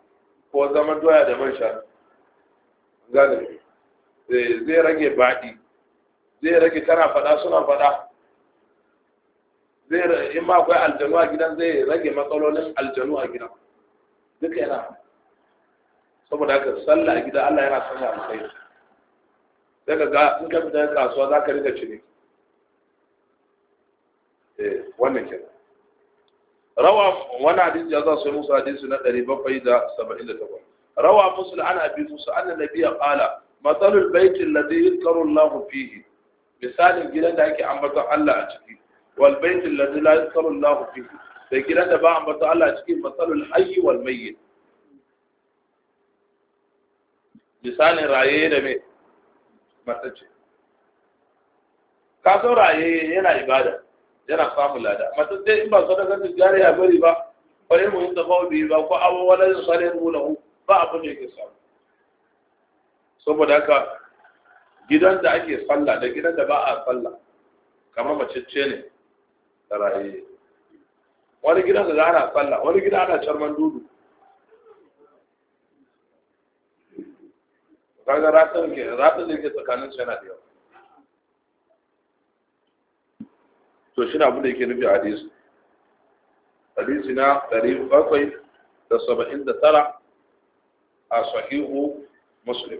ko zaman doya da man sha gane zai rage baɗi zai rage tana faɗa suna faɗa zai in ma akwai aljanu a gidan zai rage matsalolin aljanu a gidan duka yana saboda haka sallah a gida Allah yana sanya alkhairi sai ka ga in ka fita kasuwa za ka riga cire eh, wannan kenan rawa wani hadisi ya za su yi musu hadisi na ɗari saba'in da takwas. rawa musul ana abi musu anna nabiya qala matsalul baiti alladhi yuzkaru lahu fihi misalin gidan da ake ambaton Allah a ciki wal baiti alladhi la yuzkaru lahu fihi da gidan da ba ambaton Allah a ciki matsalul hayy wal mayyit misalin raye da mai, matace ka so raye yana ibada yana samun lada amma duk dai in ba sadaka ta jari ya bari ba ba ne mu yinda bawo biyu ba ko abu wala sare mu lahu ba abu ne ke samu saboda haka gidan da ake sallah da gidan da ba a sallah kamar macece ne da raye wani gidan da ana sallah wani gidan ana charman dudu kaga ratan ke ratan ke tsakanin su yana da yawa to shi na abu da yake nufi a hadisi hadisi na tara a sahihu muslim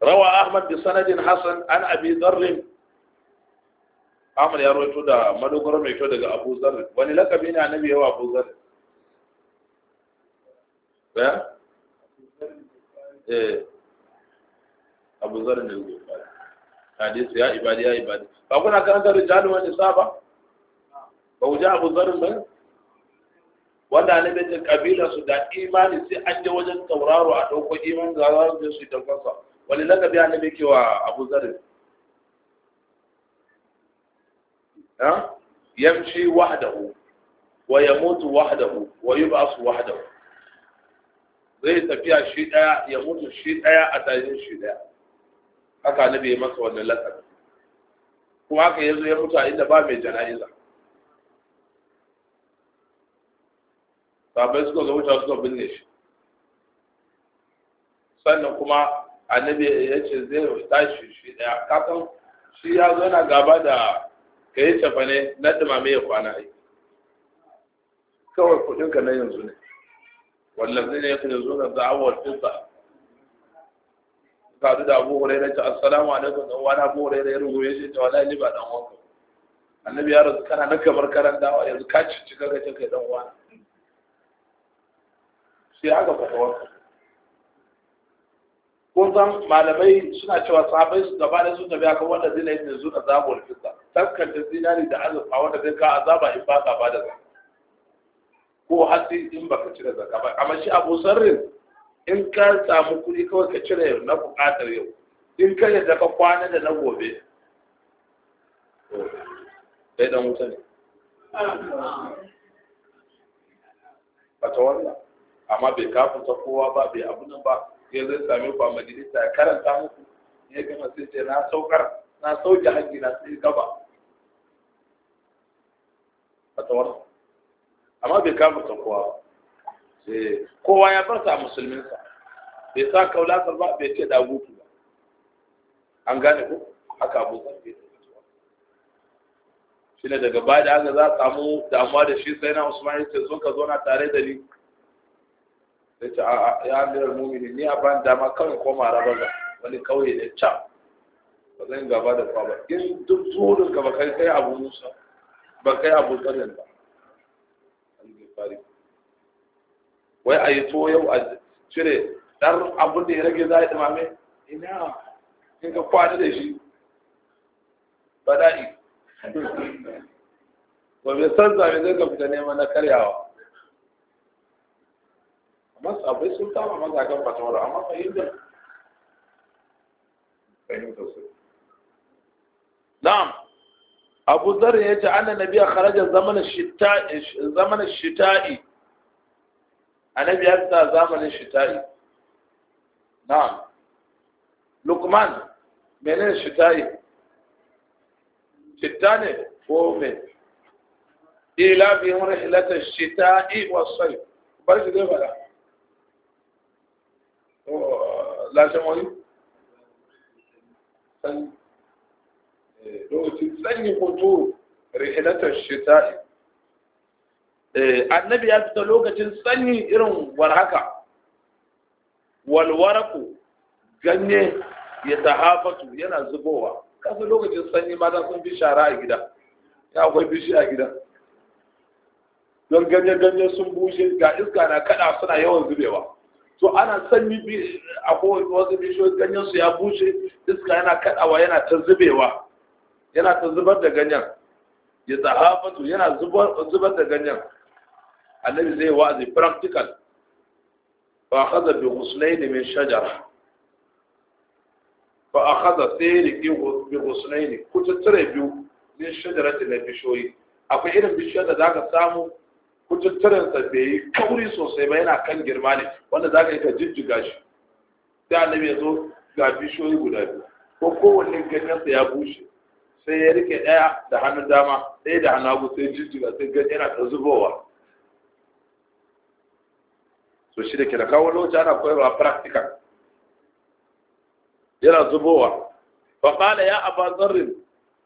rawa ahmad bi sanadin Hassan an abi dharrin ahmad ya rawaito da madogaro mai kyau daga abu zarri wani lakabi na annabi yawa abu zarri ɗaya? Eh? eh abu zarri ne hadisi ya ibadi ya ibadi ba kuna da rijalu wani nisa ba Ba ji abu zarin ba wanda ne bai kabila su da imani sai an je wajen tauraro a dauko iman ga za su je su yi daukansa wani lakabi an ne ke wa abu zarin yamshi wahdahu wa yamutu wahdahu wa yub'asu wahdahu zai tafiya shi daya ya mutu shi daya a tayin shi daya haka annabi ya masa wannan lakabi kuma haka yanzu ya mutu a inda ba mai jana'iza sabai suka zo wuta suka binne shi sannan kuma annabi ya ce zai tashi shi daya Kakan shi ya zo yana gaba da ka yi tafa ne na dumame ya kwana yi kawai kudinka na yanzu ne zai ne ya fi yanzu na za'awar fisa suka hadu da abu huraira ta assalamu alaikum da wani abu huraira ya rubuce shi ta wala ba dan wanka annabi ya rasu kana na kamar karan wa yanzu ka cici kaga ta kai dan wani sai aka fata wanka kun san malamai suna cewa sahabai su gaba da sun tafi aka wanda zina yin yanzu a zabuwar fita tankanta zinari da azurfa wanda zai ka azaba in ba ka ba da zaka ko hatsi in baka cire zaka ba amma shi abu sarrin in ka samu kuɗi kawai ka cire na buƙatar yau in ka yadda ka kwana da na gobe sai dan wuta ne bata wannan amma bai kafin ta kowa ba bai abu nan ba ya zai sami ku a majalisa ya karanta muku ya gama sai ce na saukar na sauke haƙƙi na sai gaba bata wannan amma bai kafin ta kowa ba eh, kowa ya bar sa a musulminsa bai sa lasar ba bai ce gutu ba an gane ko haka abu zan bai shi ne daga ba da haka za a samu damuwa da shi sai na usman ya ce zo ka zauna tare da ni sai ce ya amirar mumini ni a ban dama kawai koma raba ba. wani kauye da can ba zan gaba da kwa ba in duk tsohon ka ba kai kai abu musa ba kai abu zanen ba wai a yi to yau a cire dar abin da ya rage za a yi dumame ina in ka kwana da shi daɗi ba bai san zame zai ka fita neman na karyawa amma abai sun kama maza kan fatawar amma fahimta fahimta su na'am abu zarin ya ce annan nabiya kharaja zamanin shita'i annabi ya ta zamanin shita'i lukman menene shita'i shitta ko me ila bi hun rihlata shita'i wa sayf bar lokacin sanyi hutu rihlatar annabi ya fita lokacin sanyi irin war haka walwaraku ganye ya tahafatu yana zubowa kasu lokacin sanyi mata sun fi shara a gida ya akwai bishi a gida don ganye-ganye sun bushe ga iska na kada suna yawan zubewa to ana sanyi a kowace wasu bishiyoyi ganyen su ya bushe iska yana kadawa yana ta zubewa yana ta zubar da ganyen ya tahafatu yana zubar da ganyen annabi zai wa'azi practical فأخذ بغصنين من شجرة فأخذ سيرك بغصنين كنت تربيو من شجرة نبشوي akwai irin bishiyar da zaka samu kututturensa bai yi kauri sosai ba yana kan girma ne wanda zaka yi ka jijjiga shi sai annabi zo ga bishiyoyi guda biyu ko kowanne ganyensa ya bushe sai ya rike ɗaya da hannu dama ɗaya da hannun hagu sai jijjiga sai yana ta zubowa to shi da ke da kawo lokaci ana koyarwa practical yana zubowa faƙala ya aba zarrin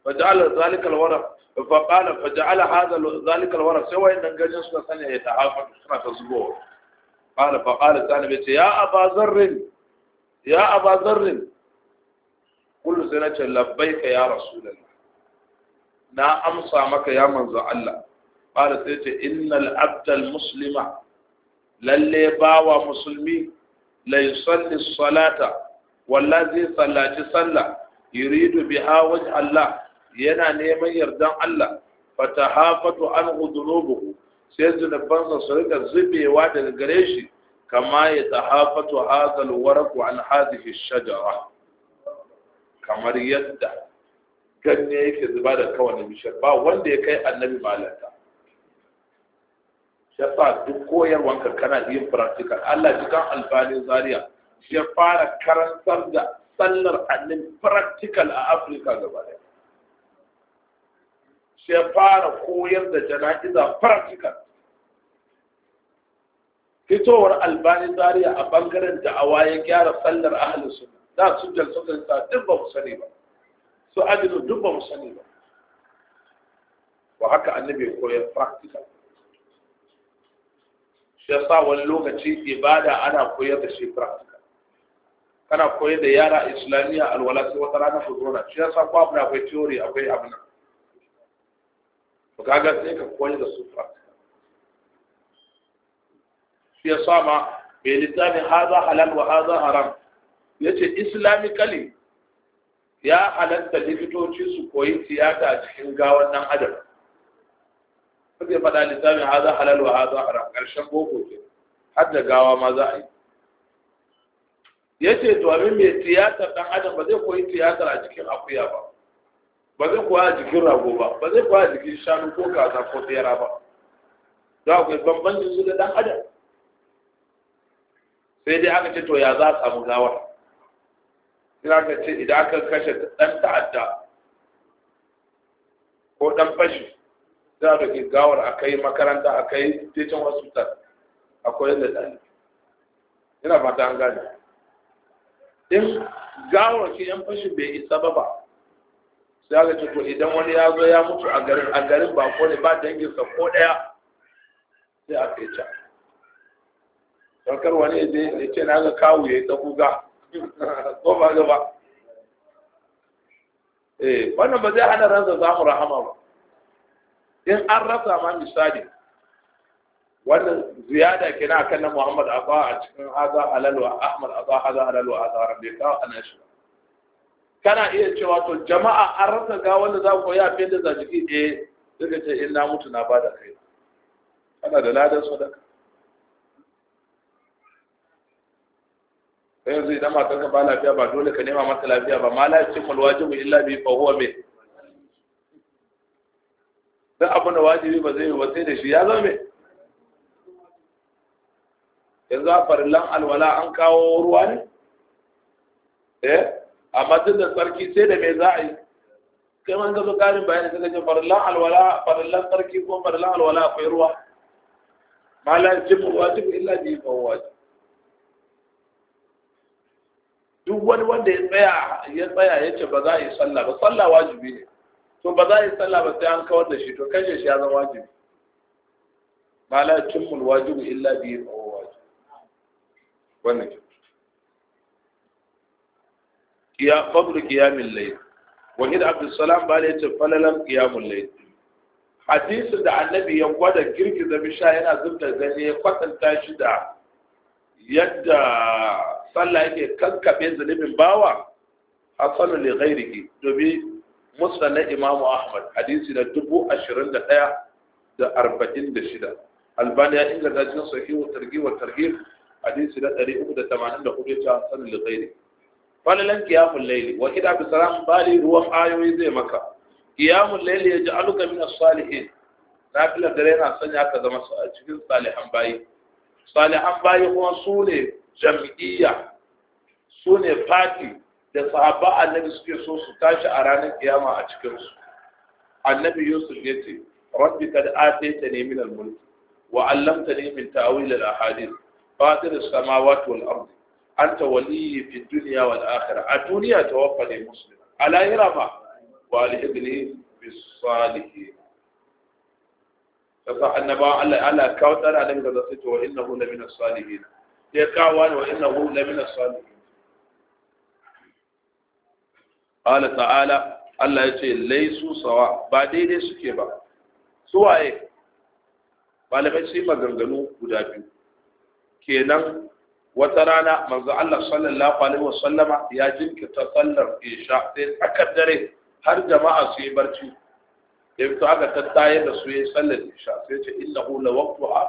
faja'ala zalikal wara faƙala faja'ala hada zalikal wara sai wayan nan gajin suka sanya ya ta'afa suna ta zubowa ƙala faƙala sani bai ce ya aba zarrin ya aba zarrin kullu sai na ce labbaika ya rasu rasulallah na amsa maka ya manzo Allah ƙala sai ce innal abdal muslima lalle bawa musulmi la yusalli salata wallazi sallaci sallah yuridu biha wajh Allah yana neman yardan Allah fatahafatu an dhunubuhu sai zunubansa su rika zubewa daga gare shi kama ya tahafatu hadal warqu an hadhihi shajara kamar yadda ganne yake zuba da kawanin bishiyar ba wanda ya kai annabi malanta shafa duk koyarwanka kana yin practical Allah jikan alfani zaria shi ya fara karantar da sallar annin practical a Afirka gaba ɗaya shi ya fara koyar da jana'iza practical fitowar albani zaria a bangaren da da'awa ya gyara sallar ahalin sunna da su jalsa ta duk ba mu sani ba su adilu duk ba mu sani ba wa haka annabi koyar practical ya sa wani lokaci ibada ana koyar da shi practical kana koyar da yara islamiyya alwala sai wata rana ku zo na shi sa ko abu akwai theory akwai abu Ba ka kaga sai ka koyar da su practical shi sa ma bai littafi haza halal wa haza haram Ya ce islamically ya halatta likitoci su koyi tiyata a cikin gawan nan adam zai faɗa littafin haza halal wa haza haram ƙarshen boko ke har da gawa ma za a yi ya ce to abin mai tiyatar ɗan adam ba zai koyi tiyatar a cikin akuya ba ba zai koya a jikin rago ba ba zai koya a jikin shanu ko kaza ko tsera ba don akwai bambancin su da ɗan adam sai dai aka ce to ya za a samu gawar sai aka ce idan aka kashe ɗan ta'adda ko ɗan fashi za a ɗauki gawar a kai makaranta a kai titin hospital a koyar da ɗalibi ina fata an gane in gawar ki yan fashi bai isa ba ba sai aka ce to idan wani ya zo ya mutu a garin a garin ba ko ne ba danginsa ko ɗaya sai a kai can sarkar wani ya je ya ce na ga kawu ya yi ta kuga ko ba ga ba eh wannan ba zai hana ransa zamu rahama ba in an rasa ma misali wannan ziyada ke na kan na muhammad abba a cikin haza alal wa ahmad abba haza alal wa azhar rabbi ka ana shi kana iya cewa to jama'a an rasa ga wanda za ku ya fi da zajiki eh daga ce in na mutu na bada kai kana da ladan sadaka sai yanzu idan ma ka ba lafiya ba dole ka nema masa lafiya ba ma la yakmul wajibu illa bi fa huwa bi sai abin da wajibi ba zai yi da shi ya zame yanzu a farillan alwala an kawo ruwa ne eh amma duk da tsarki sai da me za a yi kai man gazo karin bayani sai kace farillan alwala farillan tsarki ko farillan alwala akwai ruwa mala jibu wajibi illa bi fa wajibi duk wani wanda ya tsaya ya tsaya yace ba za a yi sallah ba sallah wajibi ne to ba za a yi sallah ba sai an kawar da shi to kashe shi ya zama wajibi Ba la tummul wajibu illa bi aw wajibi wannan ke ya fadlu qiyamil layl wahid abdus salam bale yace falalan qiyamul layl hadisin da annabi ya gwada girgiza bisha yana zubda gani ya kwatanta shi da yadda sallah yake kankabe zunubin bawa asalu li ghairihi domin musnad na imam ahmad hadisi na dubu ashirin da ɗaya da arba'in da shida albani ya inganta cikin wa targhib wa targhib hadisi na ɗari uku da tamanin da hudu ta sanin likairi falalan kiyamun laili wa kida bi salam bali ruwan ayoyi zai maka qiyamul layl ya ji min as-salihin nafilar dare yana sanya ka zama cikin salihan bayi salihan bayi kuma su ne jam'iyya su ne da sahabba annabi suke so su tashi a ranar kiyama a cikinsu annabi yusuf ya ce rabbi kad ataita ni min al-mulk wa 'allamtani min ta'wil al-ahadith fatir as-samawati wal ard anta waliyyi fi dunya wal akhirah a duniya tawaffani muslima a lahira ma wa alhibni bis salihin kasa annaba Allah Allah kawo tsara annabi da zai ce wa innahu lamina salihin ya kawo wa innahu lamina salihin qala ta'ala Allah ya ce sawa ba daidai suke ba su waye malamai sai maganganu guda biyu kenan wata rana manzo Allah sallallahu alaihi wasallama ya jinkirta sallar isha sai dare har jama'a su yi barci da fito aka tattaye da su yi sallar isha sai ce innahu la waqtuha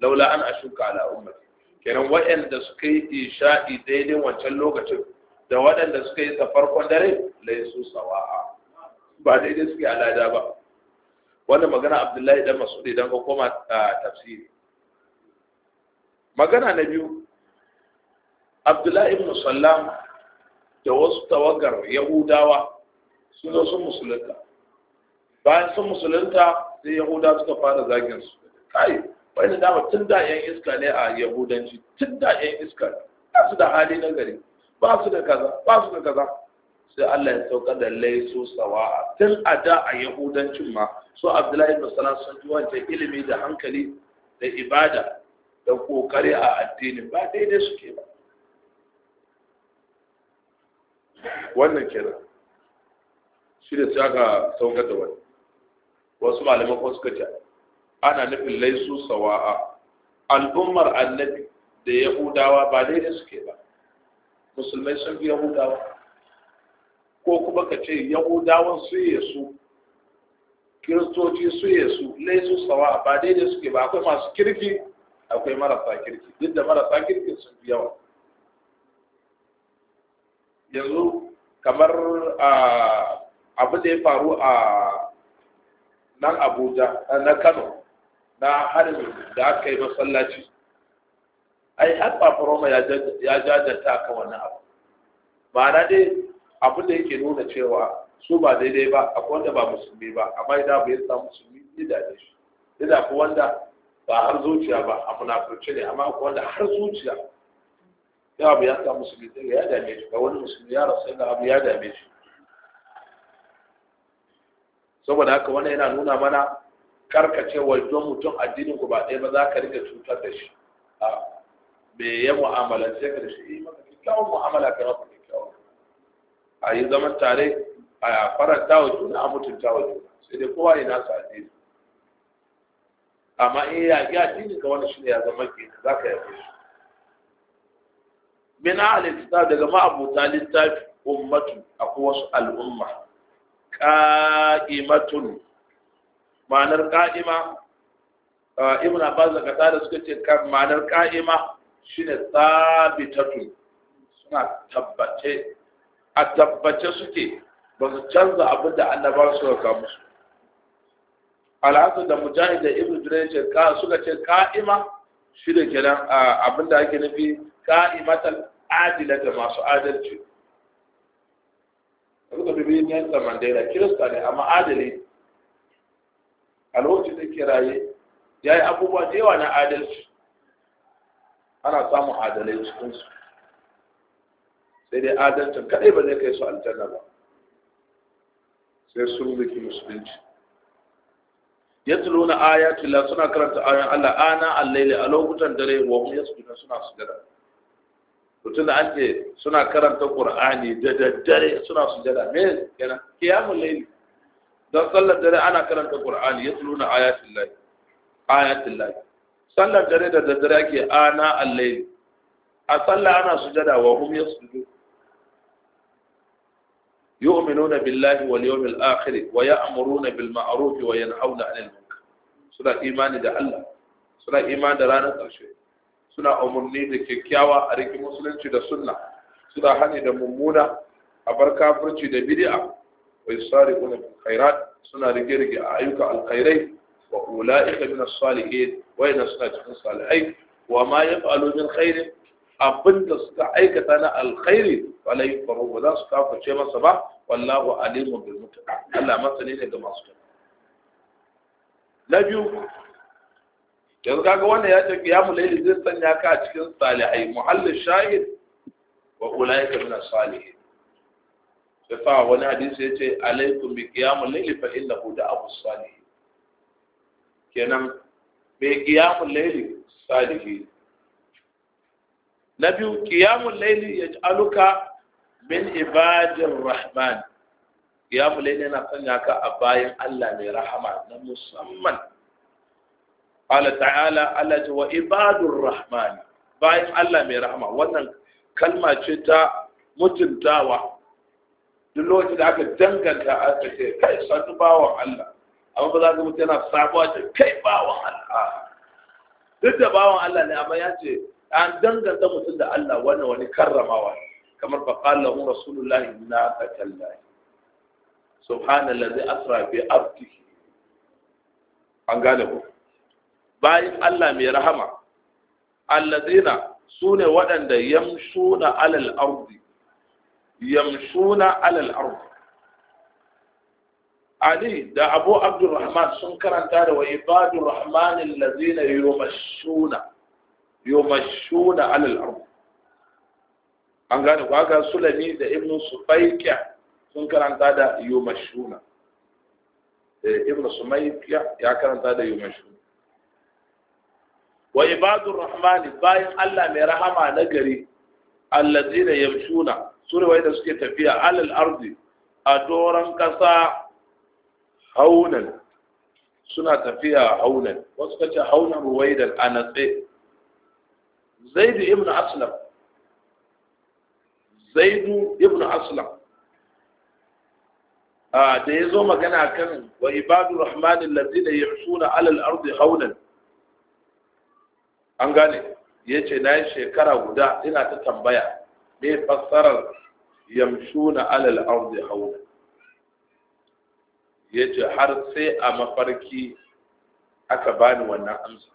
laula an ashuka ala ummati kenan wa'anda suka yi isha'i daidai wancan lokacin da waɗanda suka yi ta farkon dare laisu sawa'a ba daidai suke alada ba wanda magana abdullahi dan masu idan ka koma tafsiri magana na biyu abdullahi musallam sallam da wasu tawagar yahudawa sun zo sun musulunta bayan sun musulunta sai yahuda suka fara zagin su kai wani dama tun da yan iska ne a yahudanci tun da yan iska ne su da hali na gari ba su da kaza ba su da kaza sai Allah ya saukar da laisu sawa'a tun a da a yahudancin ma so Abdullahi ibn Salam sun ji wancan ilimi da hankali da ibada da kokari a addini ba daidai suke ba wannan kenan shi da ta aka saukar da wani wasu malaman ko suka ce ana nufin laisu sawa'a al'ummar annabi da yahudawa ba daidai suke ba musulmai sun bi yahudawa ko kuma ka ce yahudawan su yi su kiristoci su yi su laisu sawa ba daidai suke ba akwai masu kirki akwai marasa kirki duk da marasa kirki sun fi yawa yanzu kamar abu da ya faru a nan abuja na kano na harin da aka yi masallaci ai an papa roma ya jajanta kan wannan abu ma'ana dai abin da yake nuna cewa su ba daidai ba akwai wanda ba musulmi ba amma idan bai sa musulmi ya da shi idan akwai wanda ba har zuciya ba a munafurci ne amma akwai wanda har zuciya ya abu ya sa musulmi ɗin ya dame shi ga wani musulmi ya rasu yana abu ya dame shi saboda haka wani yana nuna mana karkacewa don mutum addinin ku ba ɗaya ba za ka rika cutar da shi me ya mu'amala sai ka da shi maka kyakkyawan mu'amala ka maka kyakkyawan a yi zaman tare a faranta wa juna a mutunta wa juna sai dai kowa yana sa addini amma in ya yi addini ka wani shine ya zama ke za ka yafe shi min ahalin daga ma abu ma'abuta littafi ummatu akwai wasu al'umma ƙa'imatun ma'anar ƙa'ima ibn abbas da kata da suka ce kan ma'anar ƙa'ima shine tsabitatu suna tabbace a tabbace suke ba su canza abin da annabawa suka kamu su al'adu da mujahid da ibn jirage suka ce ka'ima shi da kenan abin da ake nufi ka'imatan da masu adalci suka bibi nelson mandela kirista ne amma adali a lokacin da ke raye ya yi abubuwa da yawa na adalci ana samun adalai cikinsu sai dai adalcin kadai ba zai kai su aljanna ba sai sun riki musulunci na aya tula suna karanta ayon Allah ana al a lokutan dare wa hum yasjudun suna sujada mutum da an ce suna karanta qur'ani da daddare suna sujada me kenan qiyamul laili dan sallar dare ana karanta qur'ani yatluna ayati llahi ayati llahi sallar dare da daddare ake ana allai a sallah ana sujada wa hum yasjudu yu'minuna billahi wal yawmil akhir wa ya'muruna bil ma'ruf wa yanhauna 'anil munkar suna imani da Allah suna imani da ranar ƙarshe suna umurni da kyakkyawa a rikin musulunci da sunna suna hani da mummuna a bar kafirci da bid'a wa yusari'una bil khairat suna rige-rige a ayyuka alkhairai wa ula'ika min as-salihin wa ina suna cikin salihai wa ma yaf'alu min khairin abinda suka aikata na alkhairi wala yukfaru ba za su ce masa ba wallahu alimu bil muttaqin Allah masani ne ga masu tafi na biyu yanzu kaga wannan ya ce qiyamul layl zai sanya ka a cikin salihai muhallin shahid wa ulaika min as-salihin sai fa wani hadisi yace alaikum bi qiyamul layl fa innahu da'u as-salihin kenan mai qiyamul laili salihi na biyu qiyamul ya aluka min ibadir rahman qiyamul layli yana sanya ka a bayan Allah mai rahama na musamman qala ta'ala Allah wa ibadur rahman bayan Allah mai rahama wannan kalma ce ta mutuntawa duk lokacin da aka danganta aka ce kai sadu bawan Allah amma ba za ka mutu yana sabuwa ce kai bawan Allah duk da bawan Allah ne amma ya ce an danganta mutum da Allah wani wani karramawa kamar ba kala lahu rasulullahi na ka subhanallah zai asra bi abdi an gane ku bayan Allah mai rahama allazina sune waɗanda yamshuna alal ardi yamshuna alal ardi ali da abu abdurrahman sun karanta da wa ibadur rahmanin lazina yomashuna yomashuna alal ardu an gane ko haka sulami da ibnu sufaikiya sun karanta da yomashuna eh, ibnu sufaikiya ya karanta da yomashuna wa ibadur bayan Allah mai rahama na gari allazina yamshuna sura wai da suke tafiya alal a doron ƙasa. haunan suna tafiya a haunan wasu kace haunan ruwaidan a natse zaidu ibn aslam zaidu ibn aslam da ya zo magana kan wa ibadu rahmanin lazina ya suna alal ardi haunan an gane ya ce na yi shekara guda ina ta tambaya me fassarar yamshuna alal ardi haunan ya ce har sai a mafarki aka bani wannan amsa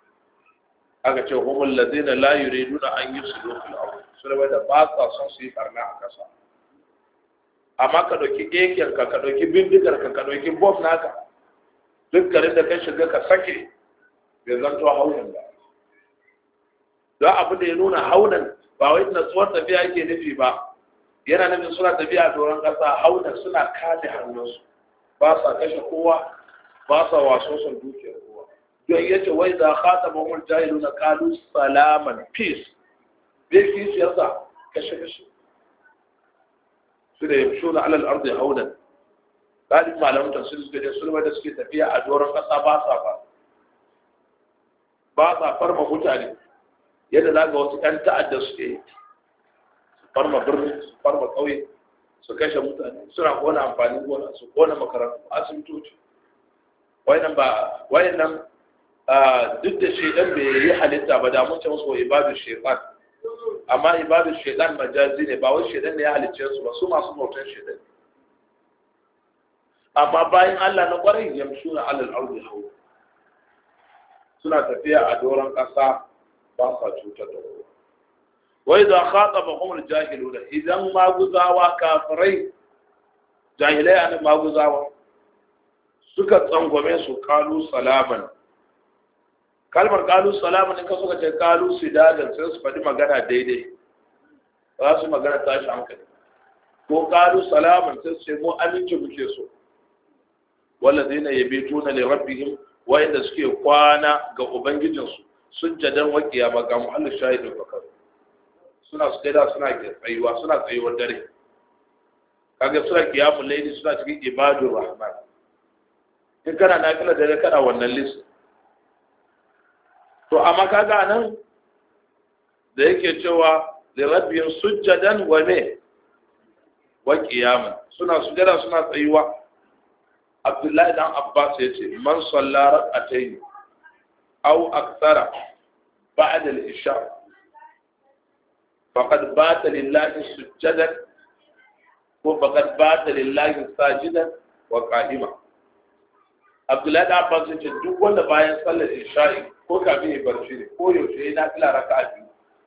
aka ce humul ladina rai nuna an lokacin fil Su sura da ba sa son su yi barna a kasa amma ka ɗauki ekiyar ka ka dauki bindigar ka ka dauki naka duk garin da ka shiga ka sake bai zanto haunan ba don abu da ya nuna haunan ba wai natsuwar tafiya yake nufi ba yana nufin suna tafiya a doron kasa haunan suna kaɗe hannunsu ba sa kashe kowa ba sa sun dukiyar kowa don ya ce wai za khata mun jahilu na kalu salaman peace bai kisiyarsa kashe kashe su da yamshu na alal ardi haunan galib malamin sun suke da sulma da suke tafiya a doron kasa ba sa ba ba sa farma mutane yadda za ga wasu 'yan ta'adda suke farma birni farma ƙauye su kashe mutane suna kona amfanin gona su kona makarantu asibitoci wayannan ba wayannan duk da dan bai yi halitta ba da mun ce musu ibadu shaytan amma ibadu shaytan majazi ne ba wai shedan ne ya halicce su ba su masu motar shedan amma bayan Allah na kwarai yamshuna alal ardi hawa suna tafiya a doron ƙasa ba sa cutar da kowa wai za khata ba kuma jahiluna idan maguzawa kafirai jahilai an maguzawa suka tsangwame su kalu salaman kalmar kalu salaman in ka suka ce kalu sidadan sai faɗi magana daidai za su magana tashi hankali ko kalu salaman sai ce mu aminci muke so wallazina yabituna li rabbihim wa inda suke kwana ga ubangijinsu sun jadan waqiya ba ga mu Allah shahidin suna su da suna tsayuwa suna tsayuwar dare kaga suna kiyamun laili suna cikin ibadun rahman in kana na kila dare kana wannan list to amma kaga nan da yake cewa rabin sujjadan wa me wa qiyaman suna sujada suna tsayuwa abdullahi dan abbas yace man sallara atayn aw akthara ba'da al-isha faqad bata lillahi sujjadan ko faqad bata lillahi sajidan wa qa'ima Abdullahi da Abbas ce duk wanda bayan sallar isha'i ko kafin ya barci ne ko yaushe ya nafila raka'a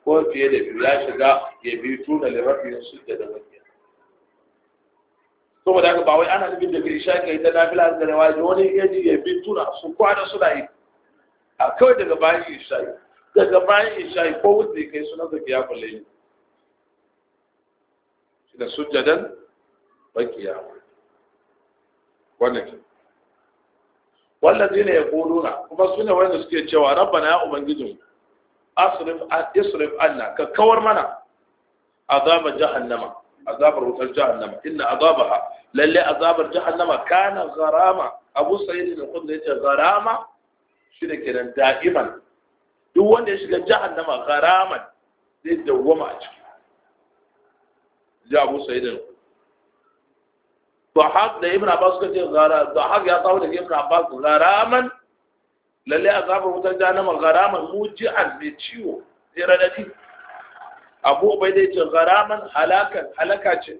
ko fiye da biyu ya shiga ya biyu tuna lirafi da wani saboda haka ba wai ana nufin daga isha kai ta nafila da rawa ne wani ya ya bi tuna su kwana suna yi a kawai daga bayan isha daga bayan isha ko wuce kai suna zakiya kullum da sujjadan baqiya wannan ke wallazina yaquluna kuma sune wanda suke cewa rabbana ya ubangijin asrif isrif anna ka kawar mana azaba jahannama azabar wutar jahannama inna azabaha lalle azabar jahannama kana gharama abu sayyid al-khudri yace gharama shi shine kiran da'iman duk wanda ya shiga jahannama gharaman zai dawwama a ciki ji abu sa'idin Duhaq da Ibn Abbas suka ce gara Duhaq ya kawo daga Ibn Abbas garaman lalle azabar wutar jahannama garaman muji'an mai ciwo da radadi abu bai dai ce garaman halakan halaka ce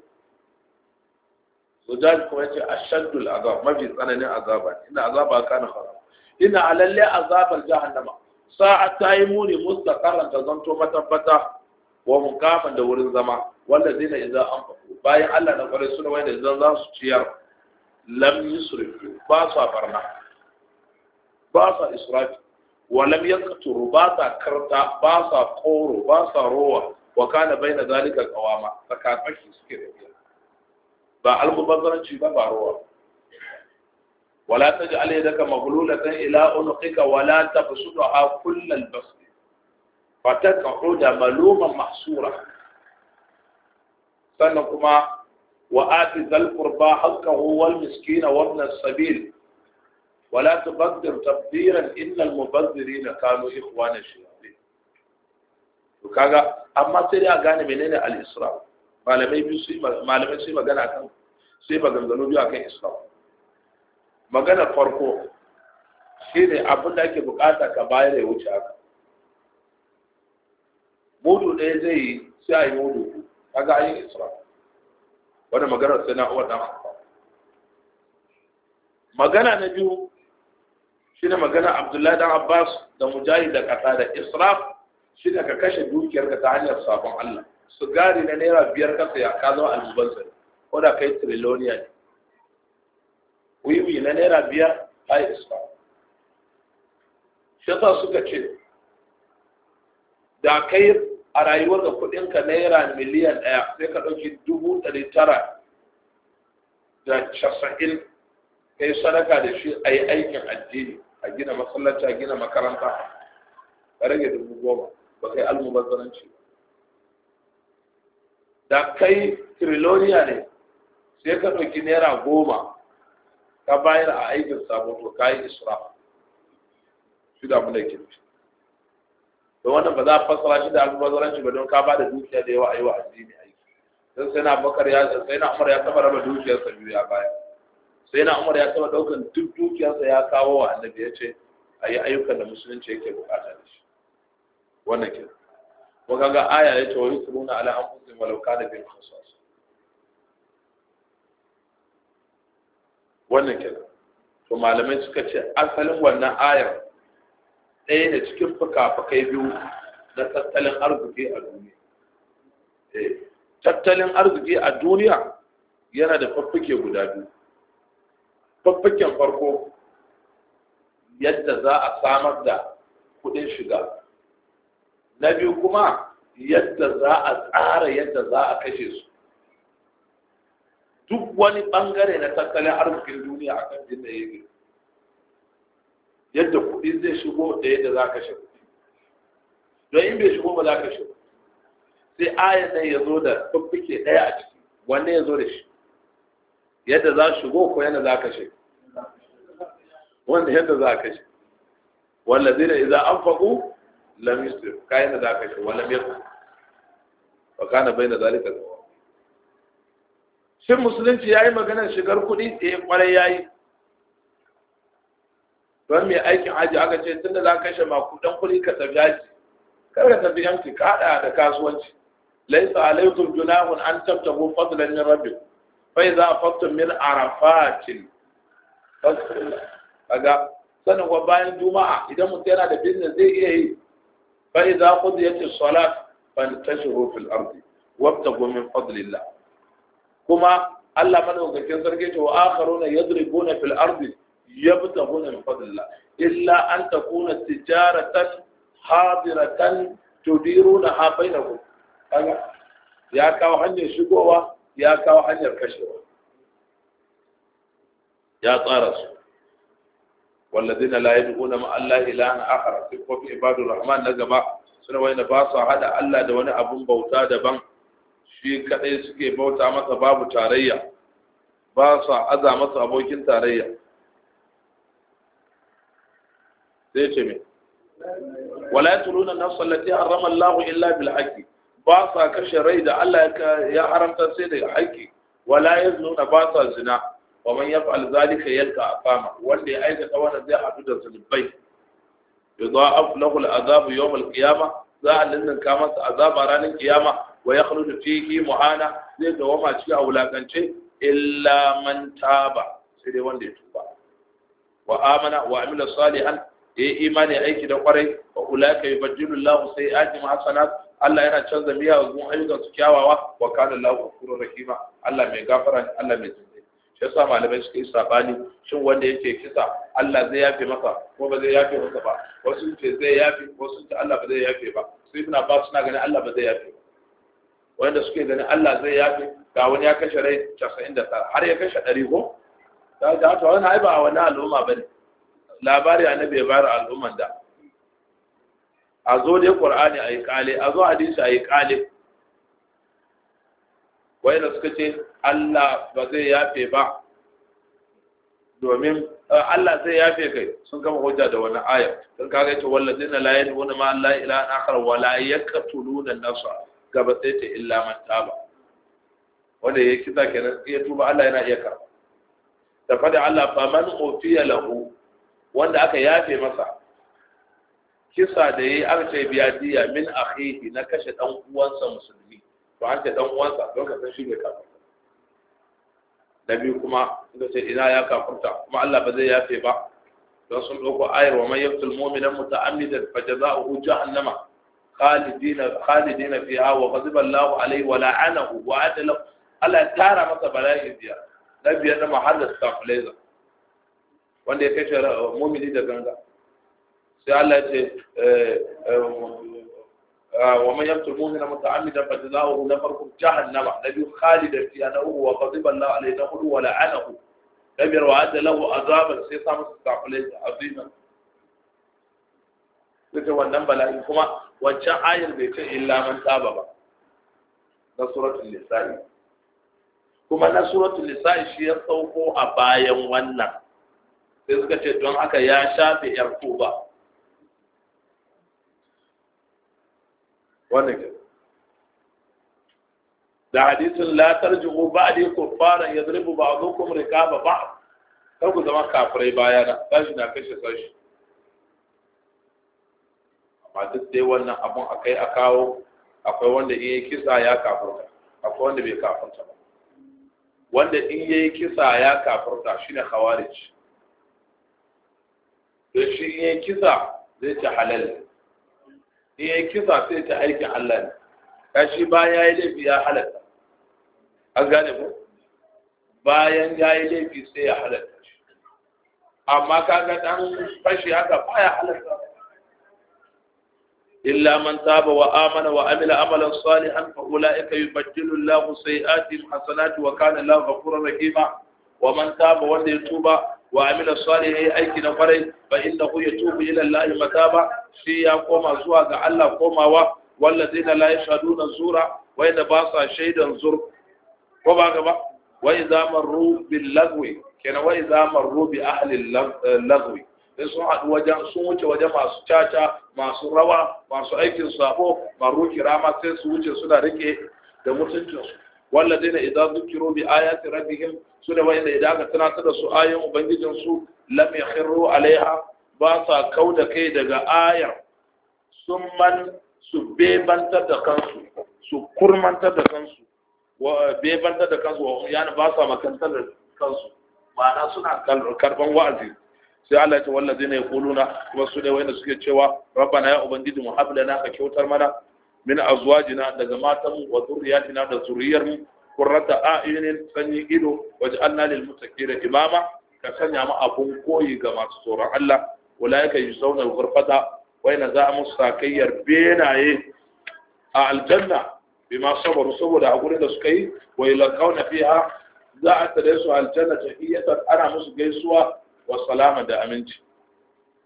Zujaj kuma ce ashaddul azab mafi tsananin azaba ina azaba kana haram ina alalle azabar jahannama sa'a ta yi muni mustaqarran ta zanto matabbata wa mukaman da wurin zama والذين إذا أنفقوا باي الله نقول سنة وين إذا ذا سجير لم يسرف باصا برنا باصا إسرائيل ولم يقتر باصا كرتا باصا قور باصا روى وكان بين ذلك القوامة فكان مشي سكير با علم بذرة جيبا باروى ولا تجعل يدك مغلولة إلى أنقك ولا تبسطها كل البسط فتقعد ملوما محصورا sannan kuma وآت ذا القربى sabil wala وابن السبيل tabbiran تبذر تبذيرا na kanu ikhwana إخوان to kaga amma sai dai a gane menene al-isra malamai biyu sai malamai sai magana kan sai maganganu biyu akan isra magana farko shine abin da ake bukata ka bayar ya wuce haka mudu ɗaya zai yi sai a yi mudu kaga ayin isra wannan magana sai na uwar dan magana na biyu shine magana Abdullahi dan Abbas da Mujahid da kasa da israf shine ka kashe dukiyar ka ta hanyar sabon Allah su gari na naira biyar ka ya ka zama almubazzir ko da kai trilonia ne wiwi na naira biyar ta yi israf shi suka ce da kai a rayuwar da kuɗin ka naira miliyan ɗaya sai ka ɗauki dubu ɗari tara da casa'in ka yi sadaka da shi a yi aikin addini a gina masallaci a gina makaranta ka rage dubu goma ba kai almubazzaranci da kai triloniya ne sai ka ɗauki naira goma ka bayar a aikin sabon to ka yi isra shi da abin da to wannan ba za a fassara shi da shi ba don ka ba da dukiya da yawa a yi wa addini aiki don sai na bakar ya sai na umar ya taba raba dukiyarsa biyu ya baya sai na umar ya taba daukan duk dukiyarsa ya kawo wa annabi ya ce a yi ayyukan da musulunci yake bukata da shi wannan ke ko kaga aya ya ce wa na ala anfusihim walau kana bihim khasasa wannan ke to malamai suka ce asalin wannan ayar ɗaya ne cikin fuka-fukai biyu na tattalin arziki a duniya eh, tattalin arziki a duniya yana da fafuke guda biyu Fafuken farko yadda za a samar da kuɗin shiga na biyu kuma yadda za a tsara yadda za a kashe su duk wani ɓangare na tattalin arzikin duniya a kan jin da ya yadda kuɗi zai shigo da yadda za ka shigo don in bai shigo ba za ka shigo sai ayan nan ya zo da fuffuke ɗaya a ciki wanne ya zo da shi yadda za shigo ko yadda za ka shigo wanda yadda za ka shigo wanda zai da iza an faɗu lam yusuf ka yadda za ka shigo wala mirka ba ka bai na zalika shin musulunci ya yi maganar shigar kuɗi ɗaya eh, kwarai ya yi don mai aikin haji aka ce tun da za ka kashe maku dan kuɗi ka tafi haji kar ka tafi yanki ka da kasuwanci laisa alaikum junahun an tabtahu fadlan min rabbikum fa idza afadtum min arafatin kaga sanin wa bayan juma'a idan mutum yana da business zai iya yi fa idza qudiyat as-salat fantashiru fil ardi wabtagu min fadlillah kuma Allah madaukakin sarki ce wa akharuna yadribuna fil ardi yabtaghuna min fadlillah illa an takuna tijaratan hadiratan tudirunaha bainakum kaga ya kawo hanyar shigowa ya kawo hanyar kashewa ya tsara su والذين لا يدعون مع الله إلها آخر في عباد الرحمن نجمع سنة وين ba su hada Allah da wani abun bauta daban shi بوتا suke bauta masa babu tarayya ba su aza masa abokin tarayya sai ce me wala yatuluna nafsan allati harrama lahu illa bil haqqi ba sa kashe rai da Allah ya haramta sai da haƙƙi wala nuna ba sa zina wa man yaf'al zalika a fama. wanda ya aikata wannan zai haɗu da zulubai yudha'af lahu al'azab yawm al-qiyamah za a linninka masa azaba ranar kiyama wa ya da fihi mu'ana zai dawama ci a wulakance illa man taba sai dai wanda ya tuba wa amana wa amila salihan ya yi imani aiki da kwarai wa ulaka yubaddilu sai sayyi'atihim hasanat Allah yana canza miya wa gun ayyukan su kyawawa wa kana Allahu ghafurur rahima Allah mai gafara ne Allah mai tsinci shi yasa malamai suka yi sabani shin wanda yake kisa Allah zai yafe masa ko ba zai yafe masa ba wasu ce zai yafe wasu ce Allah ba zai yafe ba su ibn Abbas suna ganin Allah ba zai yafe ba wanda suke ganin Allah zai yafe ga wani ya kashe rai 99 har ya kashe 100 ko da ta wani haifa a wani al'umma bane labari annabi ya bayar al'umman da a zo dai a ayi ƙale a zo hadisi ayi ƙale wai da suka ce Allah ba zai yafe ba domin eh, Allah zai yafe kai sun kama hujja da wani aya sun kaga ce na layin wani ma Allah an akar wala wa ka tulu da nasa, gaba sai ta illa man taba wanda ya kisa kenan ya tuba Allah yana iya karba da fadi Allah ba man ofiya lahu wanda aka yafe masa kisa da yayi aka ce biya diya min akhihi na kashe dan uwansa musulmi to an ce dan uwansa don ka san shi ne kafin da biyu kuma suka ce ina ya kafurta kuma Allah ba zai yafe ba don sun ɗauko ayar wa man yaqtul mu'minan muta'ammidan fa jazaohu jahannama khalidina khalidina fiha wa ghadiba Allahu alayhi wa la'anahu wa adala Allah tara masa bala'i biya na biyar na mahallar stabilizer wanda ya kashe mumini da ganga sai Allah ya ce eh, eh, ah, wa man yaqtul mu'mina muta'ammidan fa jazaohu nafaru jahannam la yukhalida fiha nahu wa ghadiba Allah alayhi nahu wa la'anahu kabir wa adda lahu azaban sai sa masa kafalai azima sai wannan bala'i kuma wancan ayar bai ce illa man taba ba na suratul nisa'i kuma na suratul nisa'i shi ya sauko a bayan wannan sai suka ce don haka ya shafe yar kuba wannan ke da hadisin la tarji'u ba'di ba yadribu ba'dukum riqaba ba. kar ku zama kafirai bayana sashi na kashe sashi amma duk dai wannan abun a kai, a kawo akwai wanda in yi kisa ya kafurta akwai wanda bai kafurta ba wanda in yi kisa ya kafurta shine khawarij da shi in kisa zai ci halal in kisa sai ta aikin Allah ne shi bayan ya yi laifi ya halatta an gane ko bayan ya yi laifi sai ya halatta amma ka ga dan fashi haka baya halatta illa man taba wa amana wa amila amalan salihan fa ulaika yubaddilu Allahu sayi'atihim hasanati wa kana Allahu ghafurur rahima wa man taba wanda ya tuba wa ya yi aiki na kwarai fa innahu yatubu ila Allah ba. Sai ya koma zuwa ga Allah komawa walladina la yashaduna zura wa yadda ba shaidan zur ko ba ga ba wa idza marru bil sai eh, sun haɗu wajen sun wuce wajen masu caca masu rawa masu aikin sabo maru kirama sai su wuce suna rike da mutuncinsu والذين إذا ذكروا بآيات ربهم سنة وإن إذا كتنا تدسوا آية وبنجن سوء لم يخروا عليها باسا كودا كيدا آية ثم سبيبا تدقنسوا سكرما تدقنسوا وبيبا تدقنسوا يعني da kansu. تدقنسوا na suna karban wa'azi sai Allah ya ce wallazina kuluna kuma su ne wanda suke cewa rabbana ya ubangiji mu hablana ka kyautar mana min azwajina daga matanmu wa zurriyatina da zuriyarmu qurrata a'yunin sanyi ido waj'alna lil muttaqina imama ka sanya mu abun koyi ga masu tsoron Allah ulaika yuzawna ghurfata wa ina za mu sakayyar benaye a aljanna bima sabaru saboda hakuri da suka yi wa ilaqauna fiha za a tare su aljanna iyatar ana musu gaisuwa wa salama da aminci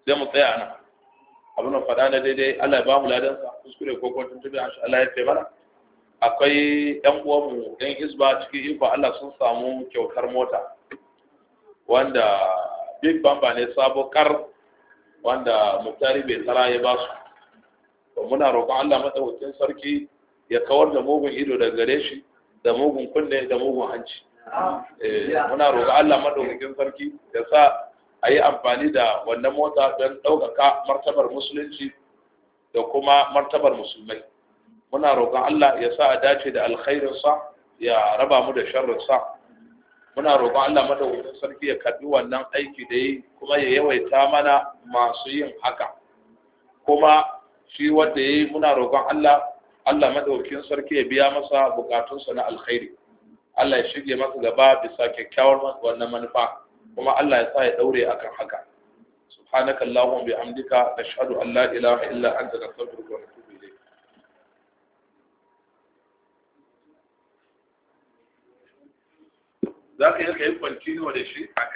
sai mu tsaya nan abin da faɗa na daidai Allah ya ba mu ladan sa kuskure ko kuma tuntube Allah ya mana akwai ɗan mu ɗan isba cikin ikon Allah sun samu kyautar mota wanda big bamba ne sabo kar wanda muktari bai tara ya ba su muna roƙon Allah madaukakin sarki ya kawar da mugun ido daga gare shi da mugun kunne da mugun hanci eh, muna roƙon Allah madaukakin sarki ya sa a yi amfani da wannan mota don ɗaukaka martabar musulunci da kuma martabar musulmai muna roƙon Allah ya sa a dace da alkhairinsa ya raba mu da sharrinsa muna roƙon Allah madawacin sarki ya karbi wannan aiki da yi kuma ya yawaita mana masu yin haka kuma shi wanda ya yi muna roƙon Allah Allah madawacin sarki ya biya masa bukatunsa na alkhairi Allah ya shige masa gaba bisa kyakkyawar wannan manufa kuma Allah ya sa ya daure akan haka subhanaka allahumma bihamdika nashhadu an la ilaha illa anta nastaghfiruka wa natubu ilayk zaka yi kai continue da shi